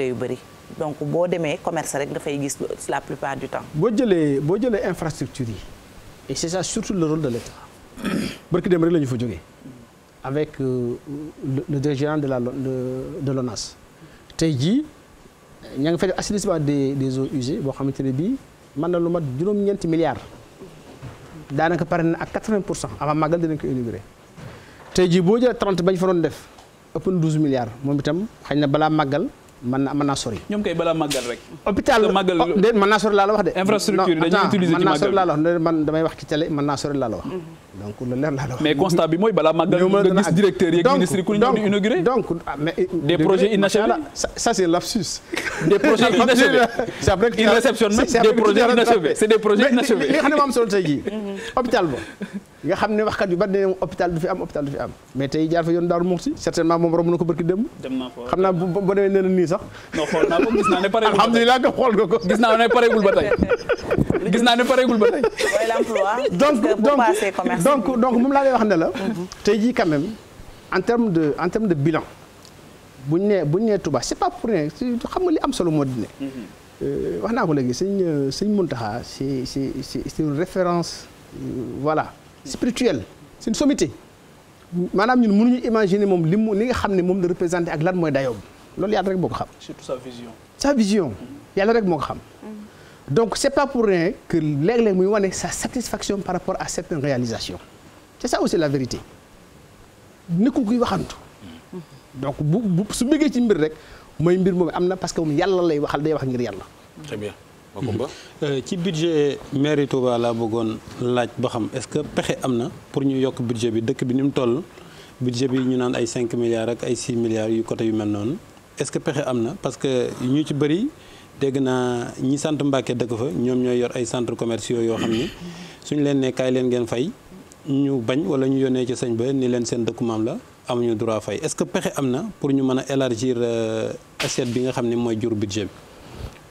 activités yu bëri donc boo demee commerce rek dafay gis la plupart du temps. boo jëlee boo jëlee infrastructure yi et c'est ça surtout le rôle de l'État [COUGHS] barki dem rek la ñu fa jógee avec euh, le, le dirigeant de la de l'ONAS tey jii ña ngi fay assainissement des des eaux usées boo xamante ne bii mën na lu mat juróom-ñeenti milliards daanaka pare na ak 80 avant màggal dinañ ko inauguré tey jii boo jëlee 30 bañ fa doon def ëpp 12 milliards moom itam xëy na balaa màggal man na mën naa sori. ñoom kay balaa màggal rek. hôpital màggal déet mën naa sori laa la wax de. infrastructure dañuy utiliser ci màggal mën naa sori laa la wax man wax ci télé mën naa sori laa wax. Mhm. donc lu leer laa wax. mais constat mooy balaa màggal nga gis directeur yeeg ministre ku ñu di inauguré. donc des projets [LAUGHS] inachevés ça c' est lapsus. des projets des projets inachevés. c' est des projets inachevés. li nga xam ne moo am solo jii. [LAUGHS] Mhm. hôpital ba. nga xam wax kat yu bari né hôpital du fi am hôpital du fi am mais tay jaar fa yoon dar Muxti certainement mom romb ko barki dem dem na fa xamna bo ba demee ni sax no xol na ko gis na né paré alhamdulilah nga xool nga ko gis naa ne pareegul ba tey gis na naa ne pareegul ba l'emploi donc donc donc moom laa lay wax né la mm-hmm. tay ji quand même en terme de en terme de bilan buñ né buñ né Touba c'est pas pour rien xam nga li am solo moo di ne mm-hmm. euh, wax naa ko légui sëñ euh, sëñ Mountakha c'est c'est c'est une référence euh, voilà spirituel c'est une sommité Madame, ñun mënuñu imaginer moom li li nga xam ne moom la représenté ak lan mooy dayoo loolu yàlla rek moo xam. surtout sa vision. sa vision yàlla rek moo ko xam. Mm-hmm. donc c'est pas pour rien que léeg-léeg muy sa satisfaction par rapport à certaines réalisations c'est ça aussi la vérité nekkul kuy waxantu. Mm-hmm. donc bu vous su bëggee ci mbir rek mooy mbir parce que Dieu yàlla lay waxal day wax ngir très bien. Euh, ci budget mairie Touba laa bëggoon laaj ba xam est-ce que pexe am na pour ñu yokk budget bi dëkk bi ni mu toll budget bi ñu naan ay cinq milliards ak ay 6 milliards yu côté yu mel noonu est-ce que pexe am na parce que ñu ci bëri dégg naa ñi sant Mbàkke dëkk fa ñoom ñooy yor ay centre commerciaux yoo xam ni suñ leen ne kaay leen ngeen fay ñu bañ wala ñu yónnee ci sañ ba ni leen seen dëkku maam la amuñu droit fay est-ce que pexe am na pour ñu mën a élargir euh, assiette bi nga xam ni mooy jur budget bi.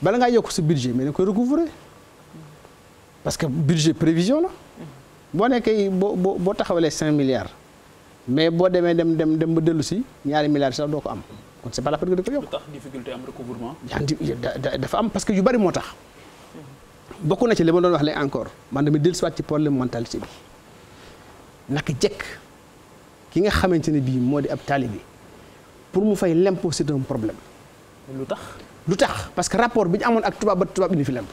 Si vous yokk un budget mais il le recouvrir. parce que budget prévision la boo nekkee 5 milliards mais si on dem dem dem ba y si ñaari milliards Ce n'est pas la peine que Il y a des difficultés en recouvrement. parce que yu bari moo tax. ci encore man problème mentalité bi ki nga pour nous faire l'impôt c'est un problème. lu tax parce que rapport bi ñu amoon ak tubaab ba tubaab indi fi lemp.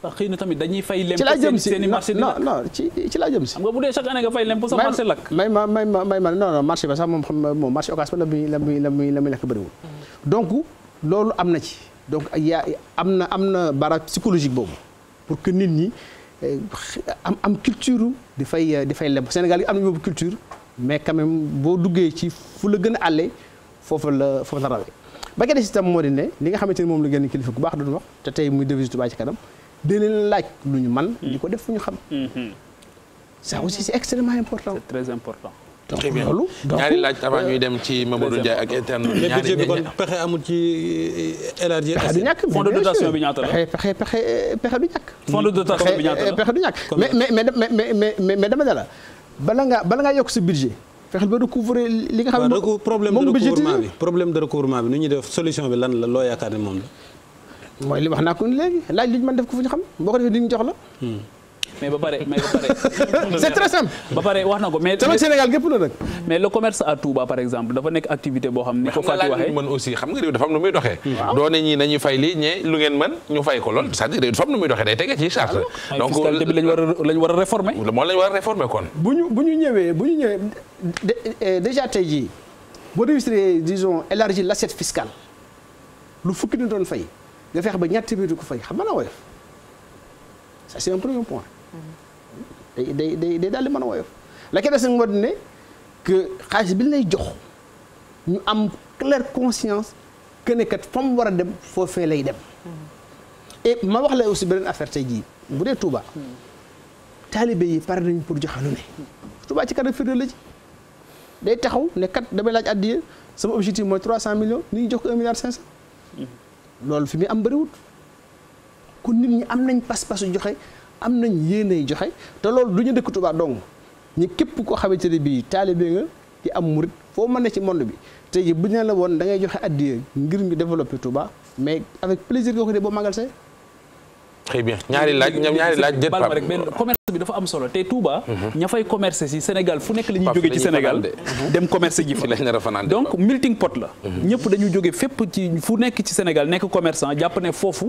xëy na tamit dañuy fay lemp. ci laa jëm si non non ci ci laa jëm si. bu dee chaque année nga fay lemp sa marché lakk. may ma may marché ba sax moom marché occas ba la muy lakk bëriwul. donc loolu am na ci donc yaa am na am na bara psychologique boobu pour que nit ñi eh, am am culture dafay fay lemp Sénégal yi am na boobu culture mais quand même boo duggee ci fu la gën a àlle foofu la foofu la ba ca des itam moo di ne li nga xamante ni moom la gën kilifa bu baax doon wax te tey muy devise Touba ci kanam di leen laaj lu ñu man di ko def fu ñu xam. Mm-hmm. ça aussi c'est extrêmement important. c'est très important. très bien loolu ñaari laaj avant ñuy dem ci Mamadou Ndiaye ak interne. ñaari budget bi kon pexe amul ci élargir. Euh, pexe du ñàkk fonds de dotation bi ñaata la pexe pexe pexe du ñàkk. fonds de dotation bi ñaata la pexe du mais mais mais mais mais mais dama la bala ngaa ngaa yokk sa budget fexe ba recouvrer li nga xam ne moom problème de recouvrement bi problème de recouvrement bi nu ñuy def solution bi lan la loo yaakaar ne moom la. mooy li wax naa ko léegi laaj li ñu mën def ko fu ñu xam boo ko defee di ñu jox la. mais ba pare mais ba pare. [LAUGHS] c'est très simple. ba pare wax na ko mais. le Sénégal gépp la nag. mais le commerce à Touba par exemple dafa nekk activité boo xam. ni ko Fatou waxee mën aussi xam nga réew dafa am nu muy doxee. waaw doone ni nañu fay lii ñee lu ngeen mën ñu fay ko lool c'est-à-dire réew dafa am nu muy doxee day tege ci charte. donc fiscalité bi lañ war a lañ war réformer. moom lañ war a réformer kon. bu ñu bu ñu ñëwee bu ñu ñëwee eh, déjà tey jii boo réussir disons élargir l'assiette fiscale lu fukki ni doon fay nga feex ba ñetti biir di ko fay xam nga na woyof ça c'est un premier point day day day day daal di mën a woyof la ca des nag moo ne que xaalis bi lay jox ñu am claire conscience que ne kat mu war a dem foofee lay dem. Mm-hmm. et ma wax la aussi beneen affaire tey jii bu dee Touba. Mm-hmm. taalibe yi pare nañ pour joxe lu ne. Mm-hmm. Touba ci kanam firnde la ci day taxaw ne kat damay laaj addiya sama objectif mooy 300 millions ni ñu jox ko 1 milliard 500. loolu fi muy am bëriwul kon nit ñi am nañ pas-pasu joxe. am nañ yéenay joxe te loolu du ñu dëkk Touba dong ñi képp ko xamante ne bi talibé nga ki am murit fo mané ci monde bi Té jii bu ñu la won da ngay joxe addiya ngir mi développer Touba mais avec plaisir nga ko dee boo magal sé très bien ñaari laaj ñam ñaari laaj jët Pape rek ben commerce bi dafa am solo te Touba. Mhm. ña fay commerce ci Sénégal fu nek la ñuy ci Sénégal mhm. dem commerce ji fa donc melting pot la mhm. ñëpp dañu joggé fépp ci fu nek ci Sénégal nek commerçant japp ne fofu.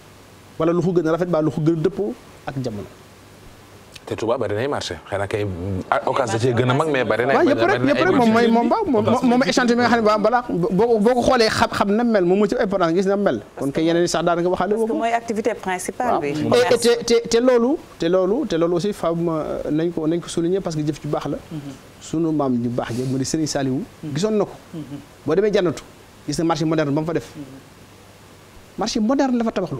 wala lu ko gën a rafet ba lu ko gën a dëppoo ak jamono. te Touba bari nay marché xanaa kay occasion da cee gën a mag mais bari nay. waaw yëpp rek yëpp rek moom mooy moom waaw moom moom échantillon bi nga xam ne waaw balaa boo boo ko xoolee xam xam na mel moom moo ci importance gis na mel. kon kay yeneen yi sax daanaka waxaale woo ko. mooy activité principale bi. waaw te te te loolu. te loolu te loolu aussi faaw ma euh, nañ ko nañ ko souligner parce que jëf ju baax la. Mm-hmm. sunu maam ñu baax ja mu di Serigne Saliou. Mm-hmm. gisoon na ko. Mm-hmm. boo demee jànnatu gis nga marché moderne ba mu fa def. marché moderne la fa tabaxlu.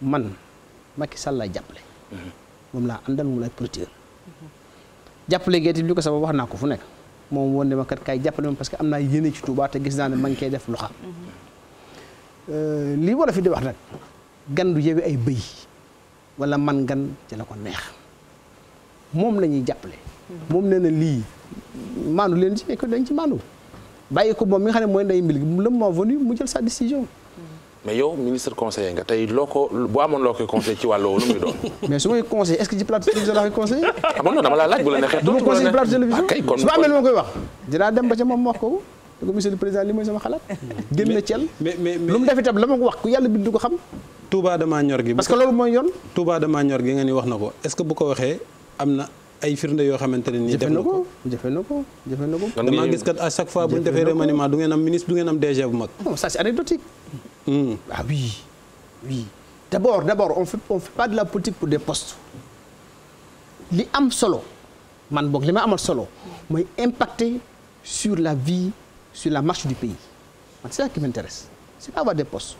man Macky Sall laay jàppale. moom laa àndal moom laay politique jàppale geeti lu ko sabab wax naa ko fu nekk moom woon ne ma kat kaay jàppale moom parce que am naa yéene ci Touba te gis naa ne maa ngi koy def lu xam. lii wala fi di wax nag gan du yewi ay bëy wala man gan ci la ko neex moom lañuy jàppale. moom nee na lii maandu leen ci fekk dañ ci maandu bàyyi ko moom xam ne mooy nday mbil gi mu jël sa décision. mais yo ministre conseiller nga tay loko bu amone amoon conseil ci wàllu lu muy doon. mais su conseil est-ce que di plateau télévision la koy conseillé. ah non dama la laaj bu la nexé du conseil conseillé plateau télévision ah, su ma amee koy wax. dina dem ba ci mom wax ko te ko monsieur le président li mooy sama xalat [LAUGHS] génn na ceel. mais mais lu mu def itam lama ko wax ku yalla bind ko xam. Touba dama ñor gi. parce que lolu moy yoon. Touba dama ñor gi nga ni wax nako est-ce que bu ko waxé amna ay firnde yo xamante ne nii def nako ko nako na ko jëfe gis kat à chaque fois bu ñu defee remaniement du ngeen am ministre du ngeen am DG bu mag. non ça c'est anecdotique. Hum. Ah oui, oui. D'abord, d'abord, on fait, ne fait pas de la politique pour des postes. Les âmes solo, man bok, les âmes solo, mais impacté sur la vie, sur la marche du pays. C'est ça qui m'intéresse. C'est pas avoir des postes.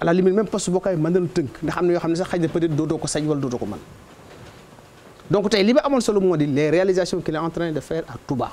À la limite, même poste bokai, man le pas un avons, Il avons a peut-être dodo ko sayi wal dodo ko man. Donc, les âmes solo, les réalisations qu'il est en train de faire à Touba.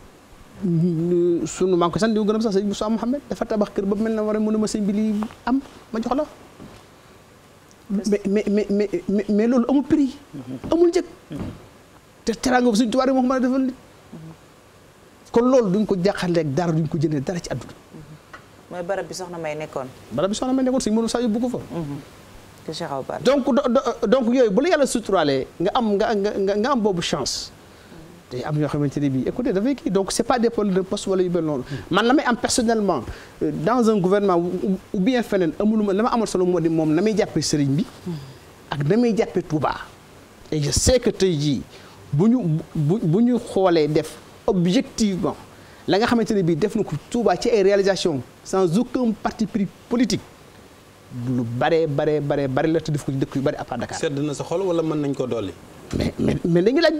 sunu maa ngi koy sant di ko gërëm sax sëñ Moussa Mouhamed dafa tabax kër ba mel na war a mën a ma sëñ bi am ma jox la. mais mais mais mais mais loolu amul prix. amul njëg. te teraanga bu sëñ Tuubaa yi moo mën a defal nit. kon loolu duñ ko jàqaleeg dara duñ ko jëndee dara ci àdduna. mooy barab bi na May nekkoon. barab bi soxna May nekkoon sëñ Modou Sa yóbbu ko fa. Mhm. donc donc yooyu bu la yàlla suturaalee nga am nga nga nga am boobu chance. day écoutez donc c'est pas des problèmes de poste wala yu personnellement euh, dans un gouvernement ou bien et je sais que tu dis, objectivement la nga def réalisation sans aucun parti politique à part Dakar. mais mais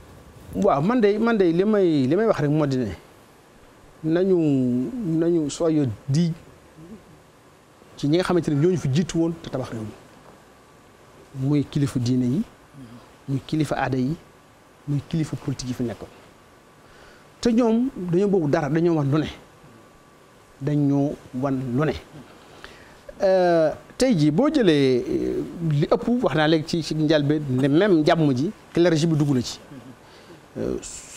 waa man de man de li may li may wax rek moo ne nañu nañu soyo di ci ñi nga xamante ne ñooñu fi jiitu woon te tabax réew mi muy kilifa diine yi muy kilifa aada yi muy kilifa politique yi fi nekkoon te ñoom dañoo boobu dara dañoo wan lu ne dañoo wan lu ne euh, tey jii boo jëlee euh, li ëpp wax naa léegi ci ci njëlbeen ne même jàmm ji clergé bi dugg la ci.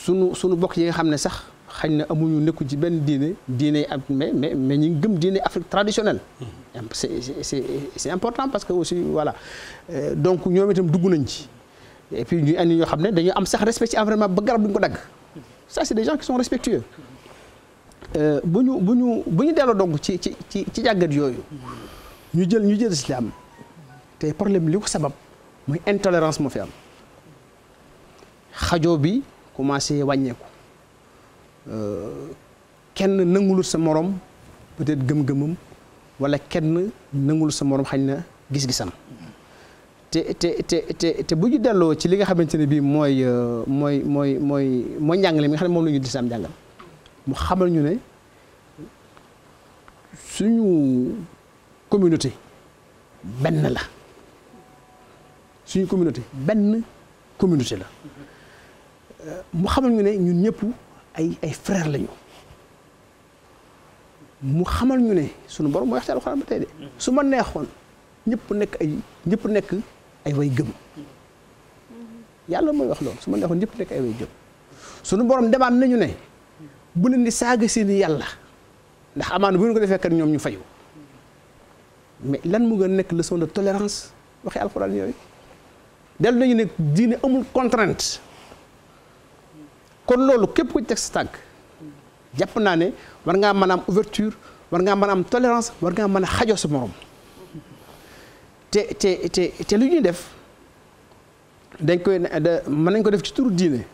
sunu sunu bokk yi nga xam sax xañ amuñu nekku ci ben diine diine mais mais ñi ñu gëm diine Afrique traditionnelle. Mm-hmm. c'est c'est c'est important parce que aussi voilà euh, donc ñom itam duggu nañ ci. et puis ñu andi ñu xam dañu am sax respect ci environnement ba garab duñ ko dag ça c'est des gens qui sont respectueux euh buñu buñu buñu délo donc ci ci ci ci yoyu ñu jël ñu jël islam té problème li ko sabab moy intolérance mo fi am. xajoo bi commencé wàññeeku euh, kenn nangulul sa morom peut-être gëm-gëmam wala kenn nangulul sa morom xañ na gis-gisam te te te te te bu ñu delloo ci li nga xamante ne bii mooy euh, mooy mooy mooy mooy njàngale mi nga xam ne moom la di lislaam njàngal mu xamal ñu ne suñu communauté benn la suñu communauté benn communauté la mu xamal ñu ne ñun ñëpp ay ay frère lañu mu xamal ñu ne sunu borom mooy wax ci alxuraan ba tey de su ma neexoon ñëpp nekk ay ñëpp nekk ay way gëm yàlla mooy wax loolu su ma neexoon ñëpp nekk ay way gëm sunu borom demaat nañu ne bu leen di saaga seeni yàlla ndax amaana bu ñu ko defee kat ñoom ñu fayu mais lan mu gën nekk leçon de tolérance waxi alxuraan yooyu dellu nañu ne diine amul contrainte kon loolu kep ko teg sa japp jàpp naa war nga mën am ouverture war nga mën am tolérance war nga man xajjo xajoo morom te te te te lu ñuy def dañ koy mën nañ ko def ci turu diine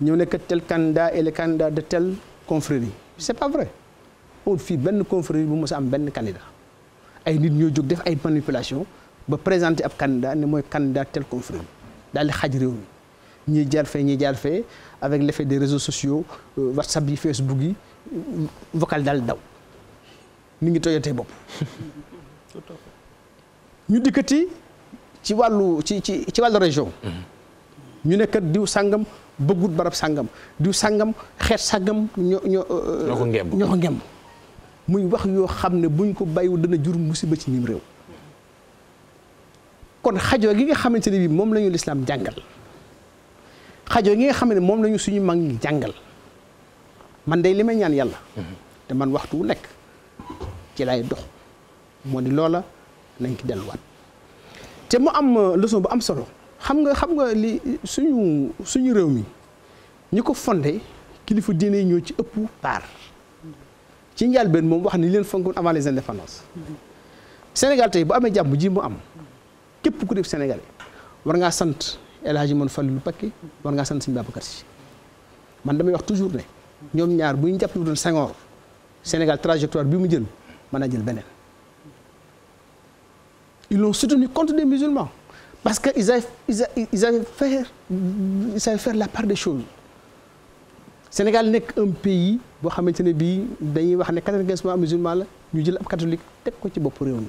ñëw nekk tel candidat et le candidat de tel confrérie c'est pas vrai amul fi ben confrérie bu mos am ben candidat ay nit ñoo jóg def ay manipulation ba présenter ab candidat né moy candidat tel confrérie dal di xaj réew mi avec l'effet des réseaux sociaux euh, WhatsApp Facebook yi vocal dal daw ni ngi tojatee bop [LAUGHS] ñu dikati ci walu ci ci ci région. Mm-hmm. ñu sommes en diw de bëggut barab Nous diw sàngam xeet sàngam euh, muy wax yo buñ ko bayu dana jur musiba ci ñim rew kon gi nga xamanteni bi mom lañu l'islam jangal xajoo gi nga xam ne moom lañu suñu mag ngi jàngal man dey li may ñaan yàlla te man waxtu wu nekk ci lay dox moo di loola nañ ki delluwaat te mu am euh, leçon bu am solo xam nga xam nga li suñu suñu réew mi ñi ko fondé kilifa diine ñëw ci ëpp paar ci njëlbéen moom wax ni leen fonkoon avant les indépendances Sénégal tey bu amee jàmm ji mu am képp ku def Sénégalais war ngaa sant El Hadji Mon Fallou Mbacké war nga sant Sëñ Babacar Si man damay wax toujours né ñom ñaar bu ñu jàppale doon Senghor Sénégal trajectoire bi mu jël mën a jël benen ils l'ont soutenu contre des musulmans parce que ils avaient ils avaient ils avaient ils savaient faire la part des choses Sénégal nek un pays bo xamante bi dañuy wax né quatre musulmans la ñu jël ab catholique tek ko ci bopp réew mi.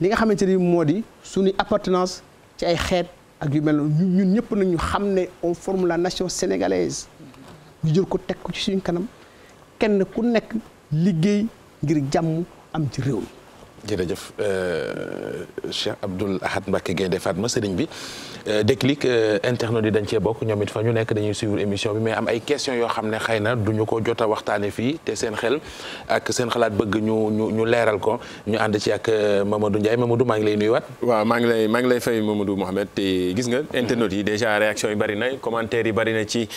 li nga xamante ni moo di suñu appartenance ci ay xeet ak yu mel noonu ñun ñëpp nag ñu xam ne on forme la nation sénégalaise ñu jël ko teg ko ci suñ kanam kenn ku nekk liggéey ngir jàmm am ci réew mi. jërëjëf euh, Cheikh Abdoul Ahad Mbacké Gaïndé Fatma sëriñ bi. Euh, déclic euh, interne yi dañ Bok bokk it fa ñu nek dañuy suivre émission bi mais am ay questions yo xamné xeyna duñu ko jotta waxtane fi té seen xel ak seen xalaat bëgg ñu ñu léral ko ñu and ci ak euh, Mamadou Ndiaye Mamadou ma ngi lay nuyu wat waaw ma ngi lay ma ngi lay fay Mamadou Mohamed té gis nga internet yi déjà réaction yi bari na commentaire yi bari na ci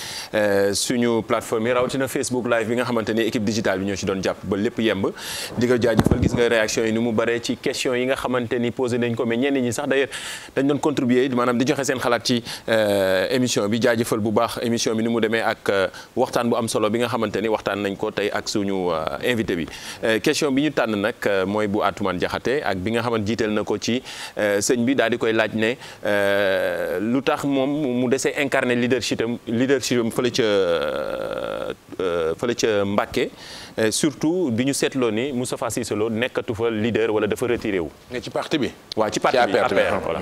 suñu plateforme yi na Facebook live bi nga xamanteni équipe digitale bi ñoo ci doon japp ba lépp yemb di ko jaajëfal gis nga réaction yi ni mu baree ci question yi nga xamanteni ni posé nañ ko mais ñen ñi sax d'ailleurs dañ doon contribuer manam di jox joxe seen xalaat ci euh, émission bi jaajëfal bu baax émission bi ni mu démé ak euh, waxtaan bu am solo bi nga xamanteni waxtaan nañ ko tay ak suñu euh, invité bi question bi ñu tann nak moy bu Atoumane Diakhaté ak bi nga xamant jitel nako ci sëñ bi dal di koy laaj né lu tax mu desee incarner leadership leadership am ci ca fële Mbacké surtout bi ñu seetloo ni Moustapha Cissé Lo nekkatu fa leader wala dafa retiré wu. né ci parti bi. wa ci parti bi voilà.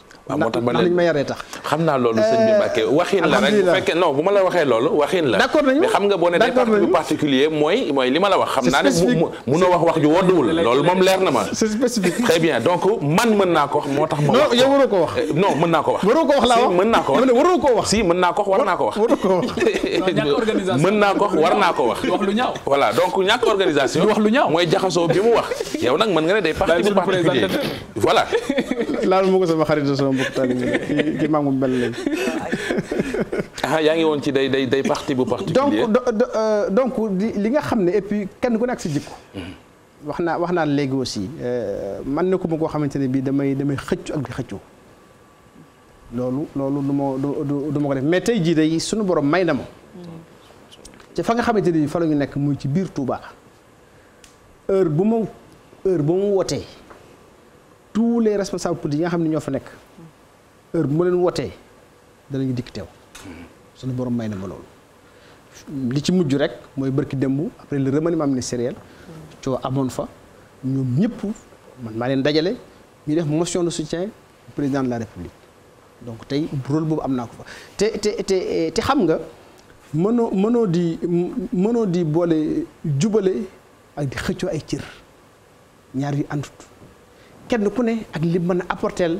waaw moo tax ma leen ma yaree tax xam naa loolu sëñ bi Mbacke euh, waxin la rek bu fekkee non bu ma la waxee loolu waxin la d'accord nañu xam nga boo ne xam naa ne mënoo wax wax ju wodduwul moom leer na ma c'est spécifique très bien donc moo tax ma wax yow waroo ko wax euh, non mën naa ko wax waroo ko wax laa wax mën naa ko wax waroo ko wax si mën naa ko naa ko wax waroo [LAUGHS] naa ko wax war naa ko wax wax lu ñaaw voilà donc organisation wax lu ñaaw mooy jaxasoo bi mu wax yaw nag mën nga ne day parti bu particulier voilà laal mu ko sama xarit sama mbokk taalibe yi ci maamu mbel lañ. ah yaa ngi woon ci day day day parti bu particulier. donc euh, donc li nga xam ne et puis kenn ku nekk si jikko. Mm-hmm. wax naa wax naa léegi aussi euh, man na ko ma koo xamante ne bii damay damay xëccu ak di xëccu loolu loolu du ma du ma ko def mais tey jii day suñu borom may na ma. te mm-hmm. fa nga xamante ne bii fa lañu nekk muy ci biir Touba heure bu ma heure bu ma wootee tous les responsables politiques yi nga xam ne ñoo fa nekk. heure bu ma borom ma li ci après le remaniement ministériel je suis fa ñoom ñëpp man ma leen dajalé ñu def motion de soutien président de la république donc tay rôle bobu amna ko fa xam nga di di ak di ne ak li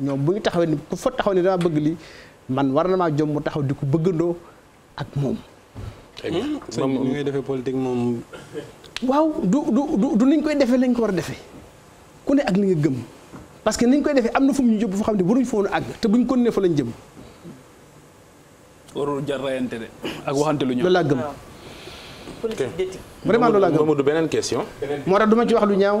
ñoom bu ñu taxawee ni ku fa taxaw ni dama bëgg li man war na maa jom mu taxaw di ko bëggandoo ak moom. moom ñu ngay defee moom. waaw du du du du koy defee lañ ko war a defee ku ne ak li nga gëm parce que nañ koy defee am na fu ñu jub foo xam ne waruñ fa woon àgg te buñ ko nee fa lañ jëm. warul jar rayante de ak waxante lu ñu. loolu laa gëm. Ah. politique d'éthique. vraiment loolu laa question. moo tax du ci wax lu ñaaw.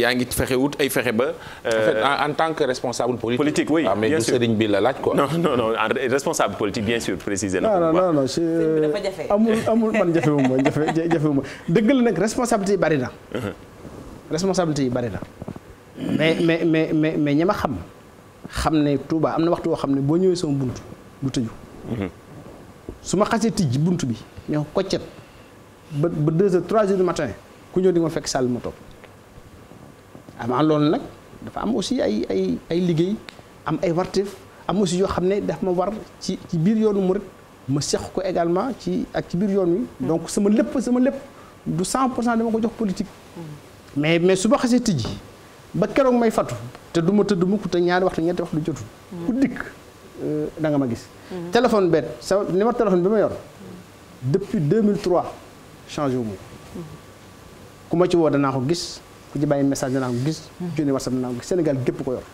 Euh, en tant que responsable politique. politique oui ah, bien sûr non non non responsable politique bien sûr précisément. non non non man responsabilité bari uh-huh. responsabilité bari mais mais mais mais mais xam. Touba waxtu ne sama uh-huh. bi ñoo koccet deux 3 du matin ku ñëw di ma fekk avant loolu nag dafa am aussi ay ay ay liggéey am ay warteef am aussi yoo xam ne daf ma war ci ci biir yoonu murit ma seq ko également ci ak ci biir yoon wi. Mm. donc sama lépp sama lépp du 100 pour dama ko jox politique. Mm. mais mais su ma xasee tijji ba keroog may fatu te du ma tëdd mukk te ñaari waxtu ñetti waxtu jotul. Mm. ku dikk euh, da nga ma gis. téléphone bet sa numéro téléphone bi ma yor depuis 2003 changé wu ma ku ma ci woo danaa ko gis. ku ci bàyyi message danaa ko gis. junne whatsapp danaa ko gis Sénégal gépp ko yor.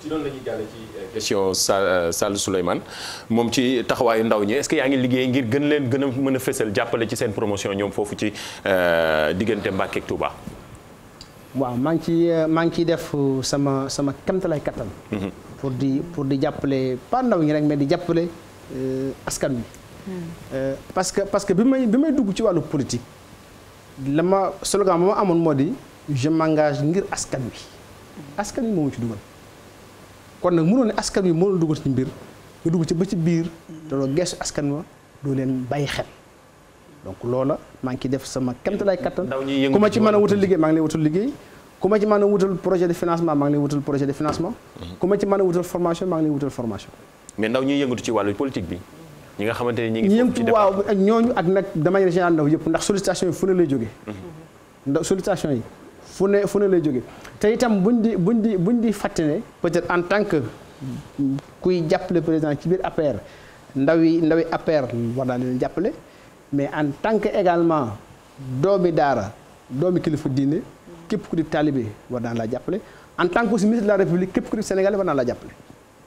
ci noonu ci euh, question euh, Sall moom ci taxawaayu ndaw ñi est yaa ngi liggéey ngir gën leen gën a mën a fësal jàppale ci seen promotion ñoom foofu ci euh, diggante Mbàkke ak waaw maa ngi ciy maa ngi ciy def sama sama kamtalay kattan. Mhm. pour di pour di jàppale pas ndaw ñi rek mais di jàppale askan bi hmm. parce que parce que bi may bi may dugg ci wàllu politique la ma slogan ba ma amoon moo di. je mangage ngir askan wi askan wi moomu ci dugal kon nag mënoo askan wi moo la dugal ci mbir nga dugg ci ba ci biir te doo geesu askan wa doo leen bàyyi xel donc loola maa ngi ciy def sama kéemtalaay kattan ku ma ci mën a wutal liggéey maa ngi lay wutal liggéey ku ci mën a wutal projet de financement maa ngi lay wutal projet de financement mhm. ku ma ci mën a wutal formation maa ngi lay wutal formation mais ndaw ñuy yëngatu ci wàllu politique bi ñi nga xamante ne ñi ngi yëngatu waaw ñooñu ak nag de manière générale yëpp ndax sollicitation yi fu lay jógee mhm. ndaw sollicitation yi fune ne fu ne lay jóge te itam buñ di buñ di buñ di peut-être en tant que kuy jappelé président ci bir APR ndawi ndawi APR war naa leen jappelé mais en tant que également domi dara domi kilifa diné képp ku di talibé war naa la jappelé en tant que ministre de la république képp ku di sénégalais war naa la jappelé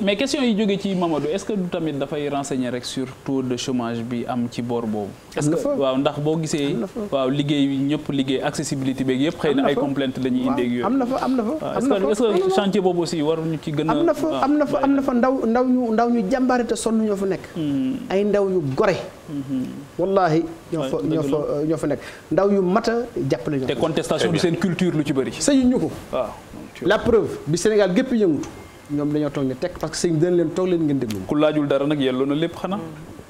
mais question yi jogé ci Mamadou est-ce que du tamit fay renseigner rek sur taux de chômage bi am ci bor boobu. est-ce que waaw ndax bo gisé waaw liguey yi ñëpp liggéey accessibilité beeg yëpp. xëy ay complainte dañuy ñuy ak am amna fa amna fa am fa est-ce que chantier boobu aussi ñu ci gëna amna fa amna fa amna fa ndaw ndaw ñu ndaw ñu jàmbaare te sonn ñoo fa hmm. ay ndaw ñu goré hmm. wallahi ñoo fa ñoo fa ñoo fa nekk ndaw yu mata a jàppale té contestation du sen culture lu ci bari sëñu ñuko waaw ah, la preuve bi Sénégal gépp yëngutu ñoom dañoo toog ne tekk parce que sëñ bi dana leen toog leen ngeen déglu ku laajul dara nag yelloo na lépp xanaa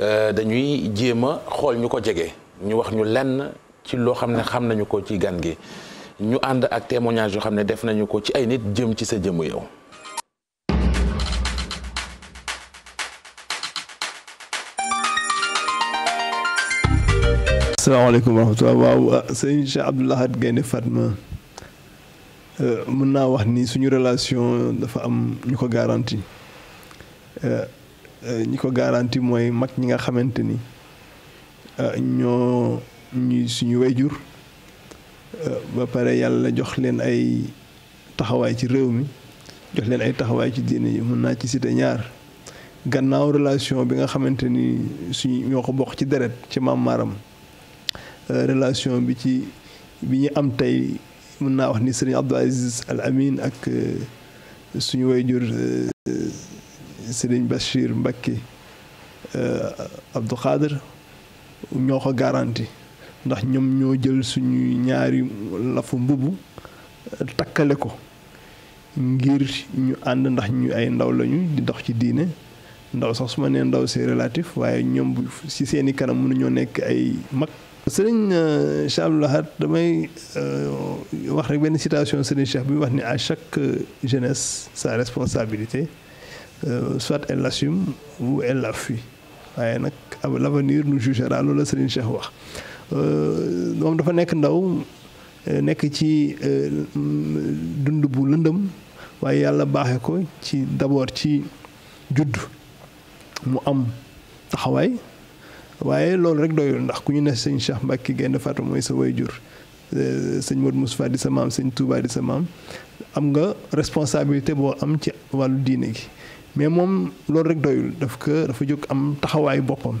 Euh, dañuy jéem a xool ñu ko jege ñu wax ñu lenn ci loo xam ne xam nañu ko ci gan gi ñu ànd ak témoignage yoo xam ne def nañu ko ci ay nit jëm ci sa jëmm yow. asalaamaaleykum wa rahmatulah ah, mën euh, naa wax ni suñu relation dafa am ñu ko garanti. Euh, Euh, ñi ko garanti mooy mag ñi nga xamante ni euh, ñoo ñuy suñu wayjur euh, ba pare yàlla jox leen ay taxawaay ci réew mi jox leen ay taxawaay ci diine yi mën naa ci site ñaar gannaaw relation bi nga xamante ni suñu ñoo ko bokk ci deret ci maam relation bi ci bi ñu am tey mën naa wax ni sëriñ Abdou Al Amin ak suñu wayjur Serigne Bachir Mbacke euh, Abdou Khader ñoo ko garanti ndax ñoom ñoo jël suñuy ñaari lafu mbubb euh, takkale ko ngir ñu ànd ndax ñu ay ndaw lañu di dox ci diine ndaw sax su ma nee ndaw c'est relatif waaye ñoom ci seeni kanam mënuñoo nekk ay mag. sëriñ euh, Cheikh Abdou Lahad damay wax rek benn citation sëriñ Cheikh bi wax ni à chaque jeunesse sa responsabilité. Euh, soit elle l'assume ou elle la fuit waaye nag l'avenir nous jugera loolu la Serigne Cheikh wax moom euh, dafa nekk ndaw euh, nekk ci dund bu lëndëm waaye yàlla baaxe ko ci d'abord ci juddu mu am taxawaay waaye loolu rek doyul ndax ku ñu nekk sëñ Cheikh Mbacke Gaïndé Fatma mooy sa waajur sëñ Modou Moustapha di sa maam sëñ Touba di sa maam am nga responsabilité boo am ci wàllu diine gi mais moom loolu rek doyul daf ko dafa jóg am taxawaayu boppam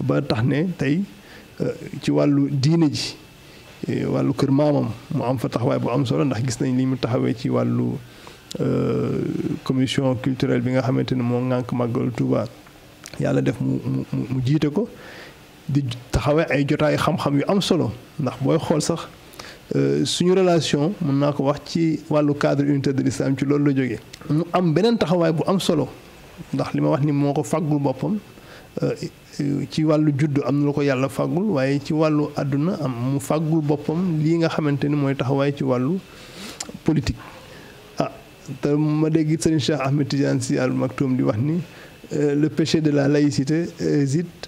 ba tax ne tey euh, ci wàllu diine ji euh, wàllu kër maamam mu am fa taxawaay bu am solo ndax gis nañ li mu taxawee ci wàllu euh, commission culturelle bi nga xamante ne moo ŋànk màggalu Tuuba yàlla def mu mu mu jiite ko di taxawee ay jotaayu xam-xam yu am solo ndax booy xool sax. Euh, suñu relation mun naa ko wax ci wàllu cadre unité de l'islam ci loolu la jóge mu am beneen taxawaay bu am solo ndax li ma wax ni moo ko faggul boppam euh, ci wàllu juddu am na lu ko yàlla faggul waaye ci wàllu àdduna am mu faggul boppam li nga xamante ni mooy taxawaay ci wàllu politique. ah te ma dégg Serigne Cheikh Ahmed Tidiane Sy Al Maktoum di wax ni euh, le péché de la laïcité hésite.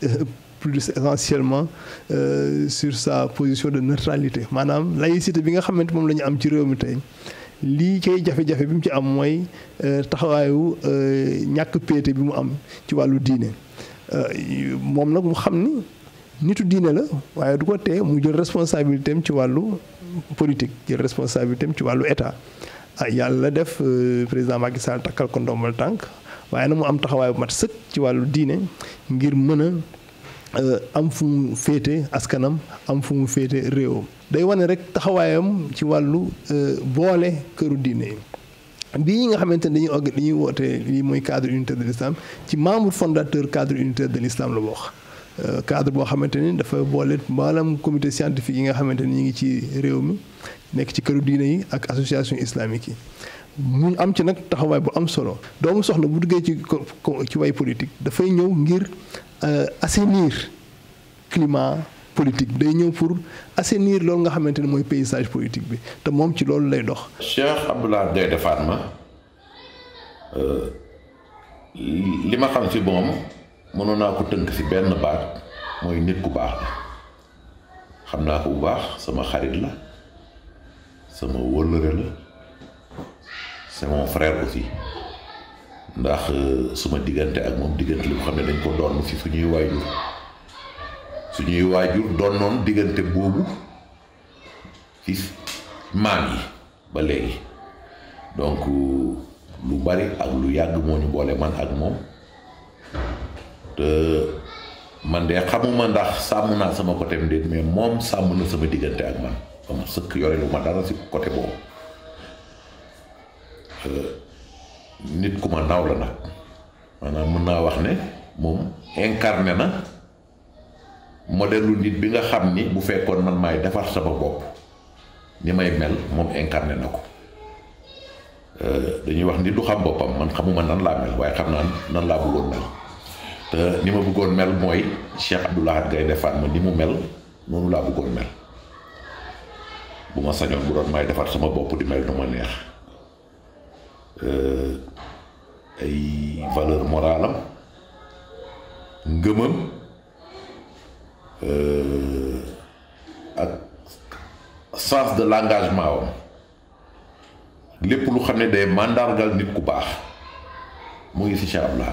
plus essentiellement euh, sur sa position de neutralité maanaam laïcité bi nga xamante moom lañu am ci réew mi tey lii kay jafe-jafe bi mu ci am mooy euh, taxawaayu euh, ñàkk péete bi mu am ci wàllu diine euh, moom nag mu xam ni nitu diine la waaye du ko tee mu jël responsabilité am ci wàllu politique jël responsabilité ci wàllu état ah yàlla def président Macky Sall takkal ko ndombal tànk waaye na mu am taxawaay bu mat sëkk ci wàllu diine ngir mën Euh, am fu mu féete askanam am fu mu féete réewam day wane rek taxawaayam ci wàllu euh, boole këru diine yi bii nga xamante ne dañuy og dañuy woote lii mooy cadre unitaire de l'islam ci membre fondateur cadre unitaire de l'islam la wax euh, cadre boo xamante ni dafa boole maanaam comité scientifique yi nga xamante ni ñu ngi ci réew mi nekk ci këru diine yi ak association islamique yi mu am ci nag taxawaay bu am solo doomu soxna bu duggee ci ci way politique dafay ñëw ngir Euh, assainir climat politique day ñëw pour assenir loolu nga xamante ni mooy paysage politique bi te moom ci loolu lay dox. Cheikh Abdoulaye Daouda ma euh, li ma xam ci moom mënoon naa ko tënk ci benn baat mooy nit ku baax la xam naa ko bu baax sama xarit la sama wëllëre la c'est mon frère aussi. ndax euh, suma diggante ak moom diggante li xam ne dañ ko doon ci suñuy waajur suñuy waajur doon noonu diggante boobu ci maam yi ba léegi donc lu bari ak lu yàgg moo ñu boole man ak moom te man de xamuma ndax sàmm naa sama côté mu mais moom sàmm na sama diggante ak man am sëkk yore lu ma dara ci côté boobu euh, nit kuma ma naw la nak manam mën na wax ne mom incarné na modèle nit bi nga xamni bu fekkon man may defar sama bop ni may mel mom incarné nako ko euh, dañuy wax ni du xam bopam man xamuma nan la mel waye xam nan labu bëggoon mel te ni ma bëggoon mel moy, Cheikh gay Gaynde ma ni mu mel noonu laa bëggoon mel buma sañon bu doon may defar sama bop di mel nu neex Euh, ay valeur morale am ngëmam euh, ak sens de l'engagement wam lépp lu xam ne day màndargal nit ku baax mu ngi si incha allah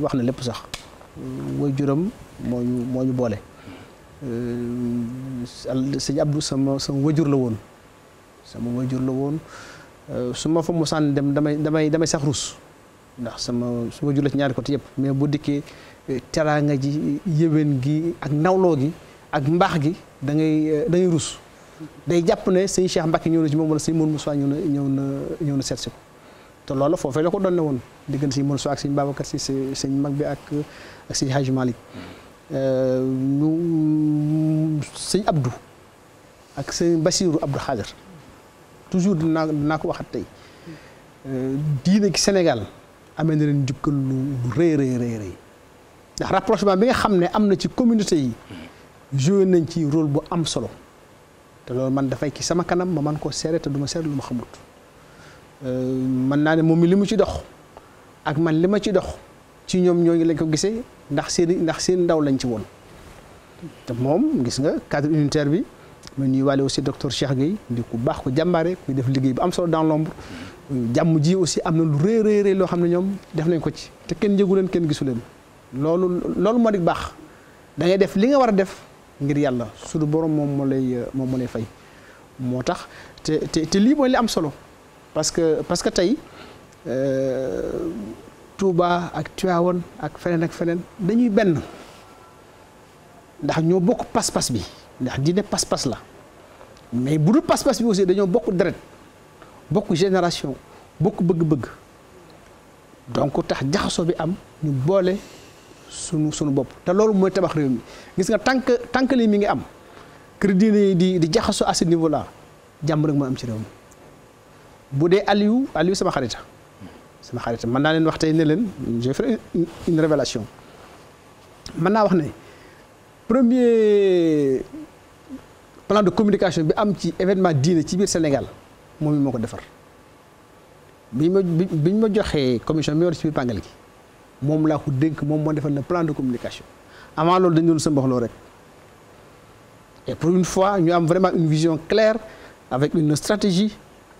wax na lépp sax way juram moo ñu moo ñu boole euh, sëñ Abdou sama sama wajur la woon sama wajur la woon euh, su ma fa mosaan dem damay damay damay sax rus ndax sama su wajur la ci ñaari côté yëpp mais bu dikkee euh, teraanga ji yéwén gi ak nawloo gi ak mbaax gi da ngay da ngay rus day jàpp ne sëñ Cheikh Mbacke ñëw na ci moom wala sëñ Mourou Moussa ñëw na ñëw na ñëw na seet si ko te loolu foofee la ko doon ne woon diggan si Mansour ak sëñ Babacar si sëñ mag bi ak si sëñ Hadj Malick euh, ñu sëñ Abdou ak sëñ Bassirou Abdou Khadir toujours dinaa dinaa ko waxat tey euh, diine gi Sénégal amee na leen njukkal lu rëy rëy rëy rëy ndax rapprochement nga xam ne am na ci communauté yi joué nañ ci rôle bu am solo te loolu man dafay ki sama kanam ma man koo seere te du ma lu ma xamut Euh, mën naa ne moom mi li mu ci dox ak man li ma ci dox ci ñoom ñooñu lañ ko gisee ndax seen ndax seen ndaw lañ ci woon te moom gis nga cadre unitaire bi mu ñuy wàlle aussi docteur Cheikh Gueye ndi ku baax ko jàmbaare kuy def liggéey bi am solo dans l'ombre jàmm ji aussi am na lu rëy loo xam ne ñoom def nañ ko ci te kenn yëgu leen kenn gisu leen loolu loolu moo di baax da def li nga war a def ngir yàlla suñu borom moom moo lay moom moo lay fay moo tax te te te lii mooy li am solo parce que parce que tay euh Touba ak Tivaouane ak fenen ak fenen dañuy ben ndax ño bokk pass pass bi ndax ne pass pass la mais bu pass pass bi aussi dañu bokk deret bokk génération bokk bëgg-bëgg donc tax jaxasoo bi am ñu bolé sunu sunu bop té loolu moy tabax réew mi gis nga tant que li mi ngi am crédit yi di di jaxasoo à ce niveau là jàmm rek mo am ci réew mi. Boudé Aliou Aliou sama xarita sama xarita mën naa leen wax tey ne je j'ai fait une révélation mën naa wax ne premier plan de communication bi am ci événement diine ci biir Sénégal moom mi moo biñ ma biñ commission mi war ci biir pàngal gi ko dénk mom mo defal na plan de communication avant loolu dañ doon sa mboxloo rek et pour une fois ñu am vraiment une vision claire avec une stratégie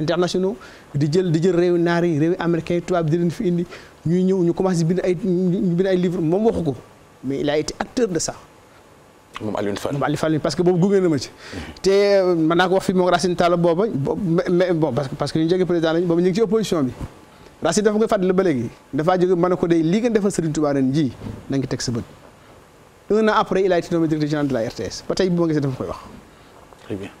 internationaux di jël di jël réew naar yi réew américains yi tubaab di leen fi indi ñuy ñëw ñu commencé bi ay ñu bind ay livre moom waxu ko mais il a été acteur de sax moom Alioune Fall moom Alioune Fall parce que boobu gunge na ma ci. te euh, mën naa ko wax fi moom Racine Talla booba mais bon parce que ñu jógee président lañu boobu ñu ngi ci opposition bi Racine dafa koy fàttali ba léegi dafaa jóge mën ko dee lii ngeen defal Serigne Touba ren jii na nga teg sa bët un après il a été nommé directeur de la RTS ba tey bu ma gisee dafa koy wax.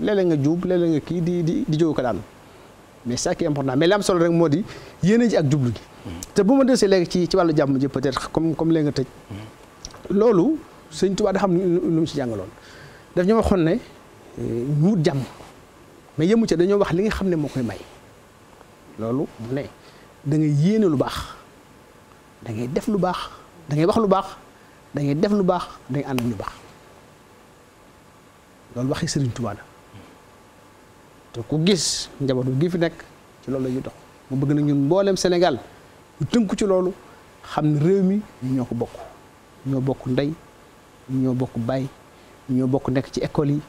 léeg nga juub léeg-léeg nga kii di di di jóg ko daan mais ça qui est important mais li am solo rek moo di yéene ji ak jublu gi. te bu ma desee léegi ci ci wàllu jàmm ji peut-être comme comme léegi nga tëj. loolu sëñ Tuubaa da xam ci jàngaloon daf waxoon ne ñu euh, wut jàmm mais yëmu ca dañoo wax li nga xam ne moo koy may loolu mu ne da yéene lu baax da ngay def lu baax dangay wax lu baax dangay def lu baax da ànd lu baax loolu waxi sëriñ Tuubaa la te ku gis njabootu gi fi nekk ci loolu la ñuy dox mu bëgg na ñun mboolem Sénégal ñu tënku ci loolu xam ne réew mi ñoo ko bokk ñoo bokk ndey ñoo bokk baay ñoo bokk nekk ci école yi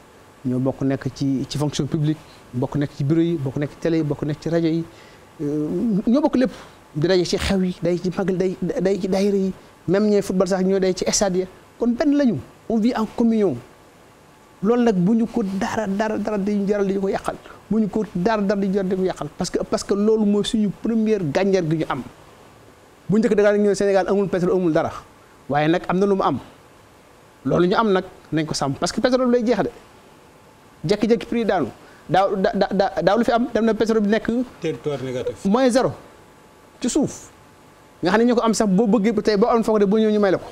ñoo bokk nekk ci ci fonction publique bokk nekk ci bureau yi bokk nekk ci télé yi bokk nekk ci rajo yi euh, ñoo bokk lépp di daje ci xew yi day ci magal day day ci daayira yi même ñooy football sax ñoo day ci stade ya kon benn lañu on vie en communion loolu nak buñu ko dara dara dara di jaral di ko yakal buñu ko dara dara di jaral di ko yakal parce que parce que loolu mo suñu première gànjar gi ñu am buñu dëkk da nga ñëw Sénégal amul pétrole amul dara waye nak am lu mu am loolu ñu am nak nañ ko sam parce que pétrole lay jeex de jékki-jékki prix daanu da da da lu fi am dem na pétrole bi nek territoire négatif moins zéro ci suuf nga xam ñu ko am sax boo bëggee tay bo am foog de bo ñu ñu may la ko.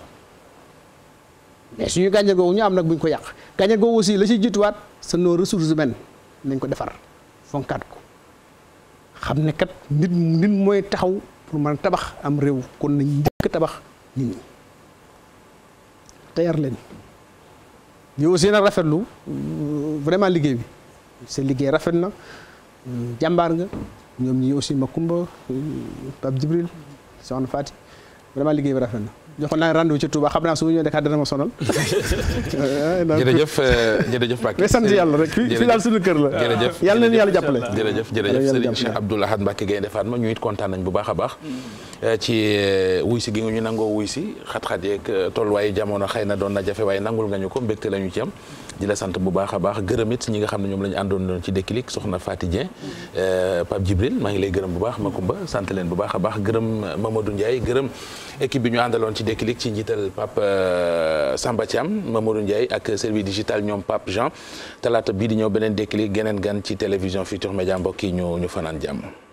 mais suñu gàññe googu ñu am nag buñ ko yàq gàññe googu aussi la ci jiituwaat sa nos ressources humaines nañ ko defar fonkaat ko xam ne kat nit nit mooy taxaw pour mën a tabax am réew kon nañ njëkk tabax nit ñi te leen ñu aussi nag rafetlu euh, vraiment liggéey bi seen liggéey rafet na euh, jàmbaar nga ñoom ñi aussi Makumba euh, Pape Djibril soxna Fati vraiment liggéey bi rafet na joxoon naa rendez-vous ci Touba xam naa su ma ñëwee Dakar dana ma sonal. [LAUGHS] [LAUGHS] jërëjëf euh, jërëjëf Mbacke. mais sant yàlla rek fii fii daal suñu kër la. jërëjëf yàlla nañu yàlla jàppale. jërëjëf jërëjëf Serigne Cheikh Abdoul Ahad Mbacke Gaynde Fatma ñu it kontaan bu baax a baax. Euh, ci euh, wuy si gi nga ñu nangoo wuy si xat-xat tol tolluwaayu jamono xëy na doon na jafe waaye nangul nga ñu ko mbégte la ñu ci am di la sant bu baax a baax gërëm it ñi nga xam ne ñoom lañu ñu àndoon doon ci Déclic soxna Faty Dieng euh, Pape maa ngi lay gërëm bu baax ma Makumba sant leen bu baax a baax gërëm Mamadou Ndiaye gërëm équipe bi ñu àndaloon ci Déclic ci njiital Pape euh, Samba Thiam Mamadou Ndiaye ak service digital ñoom Pape Jean talaata bii di ñëw beneen Déclic geneen gan ci télévision Futur Média mbokk yi ñu ñu fanaan jàmm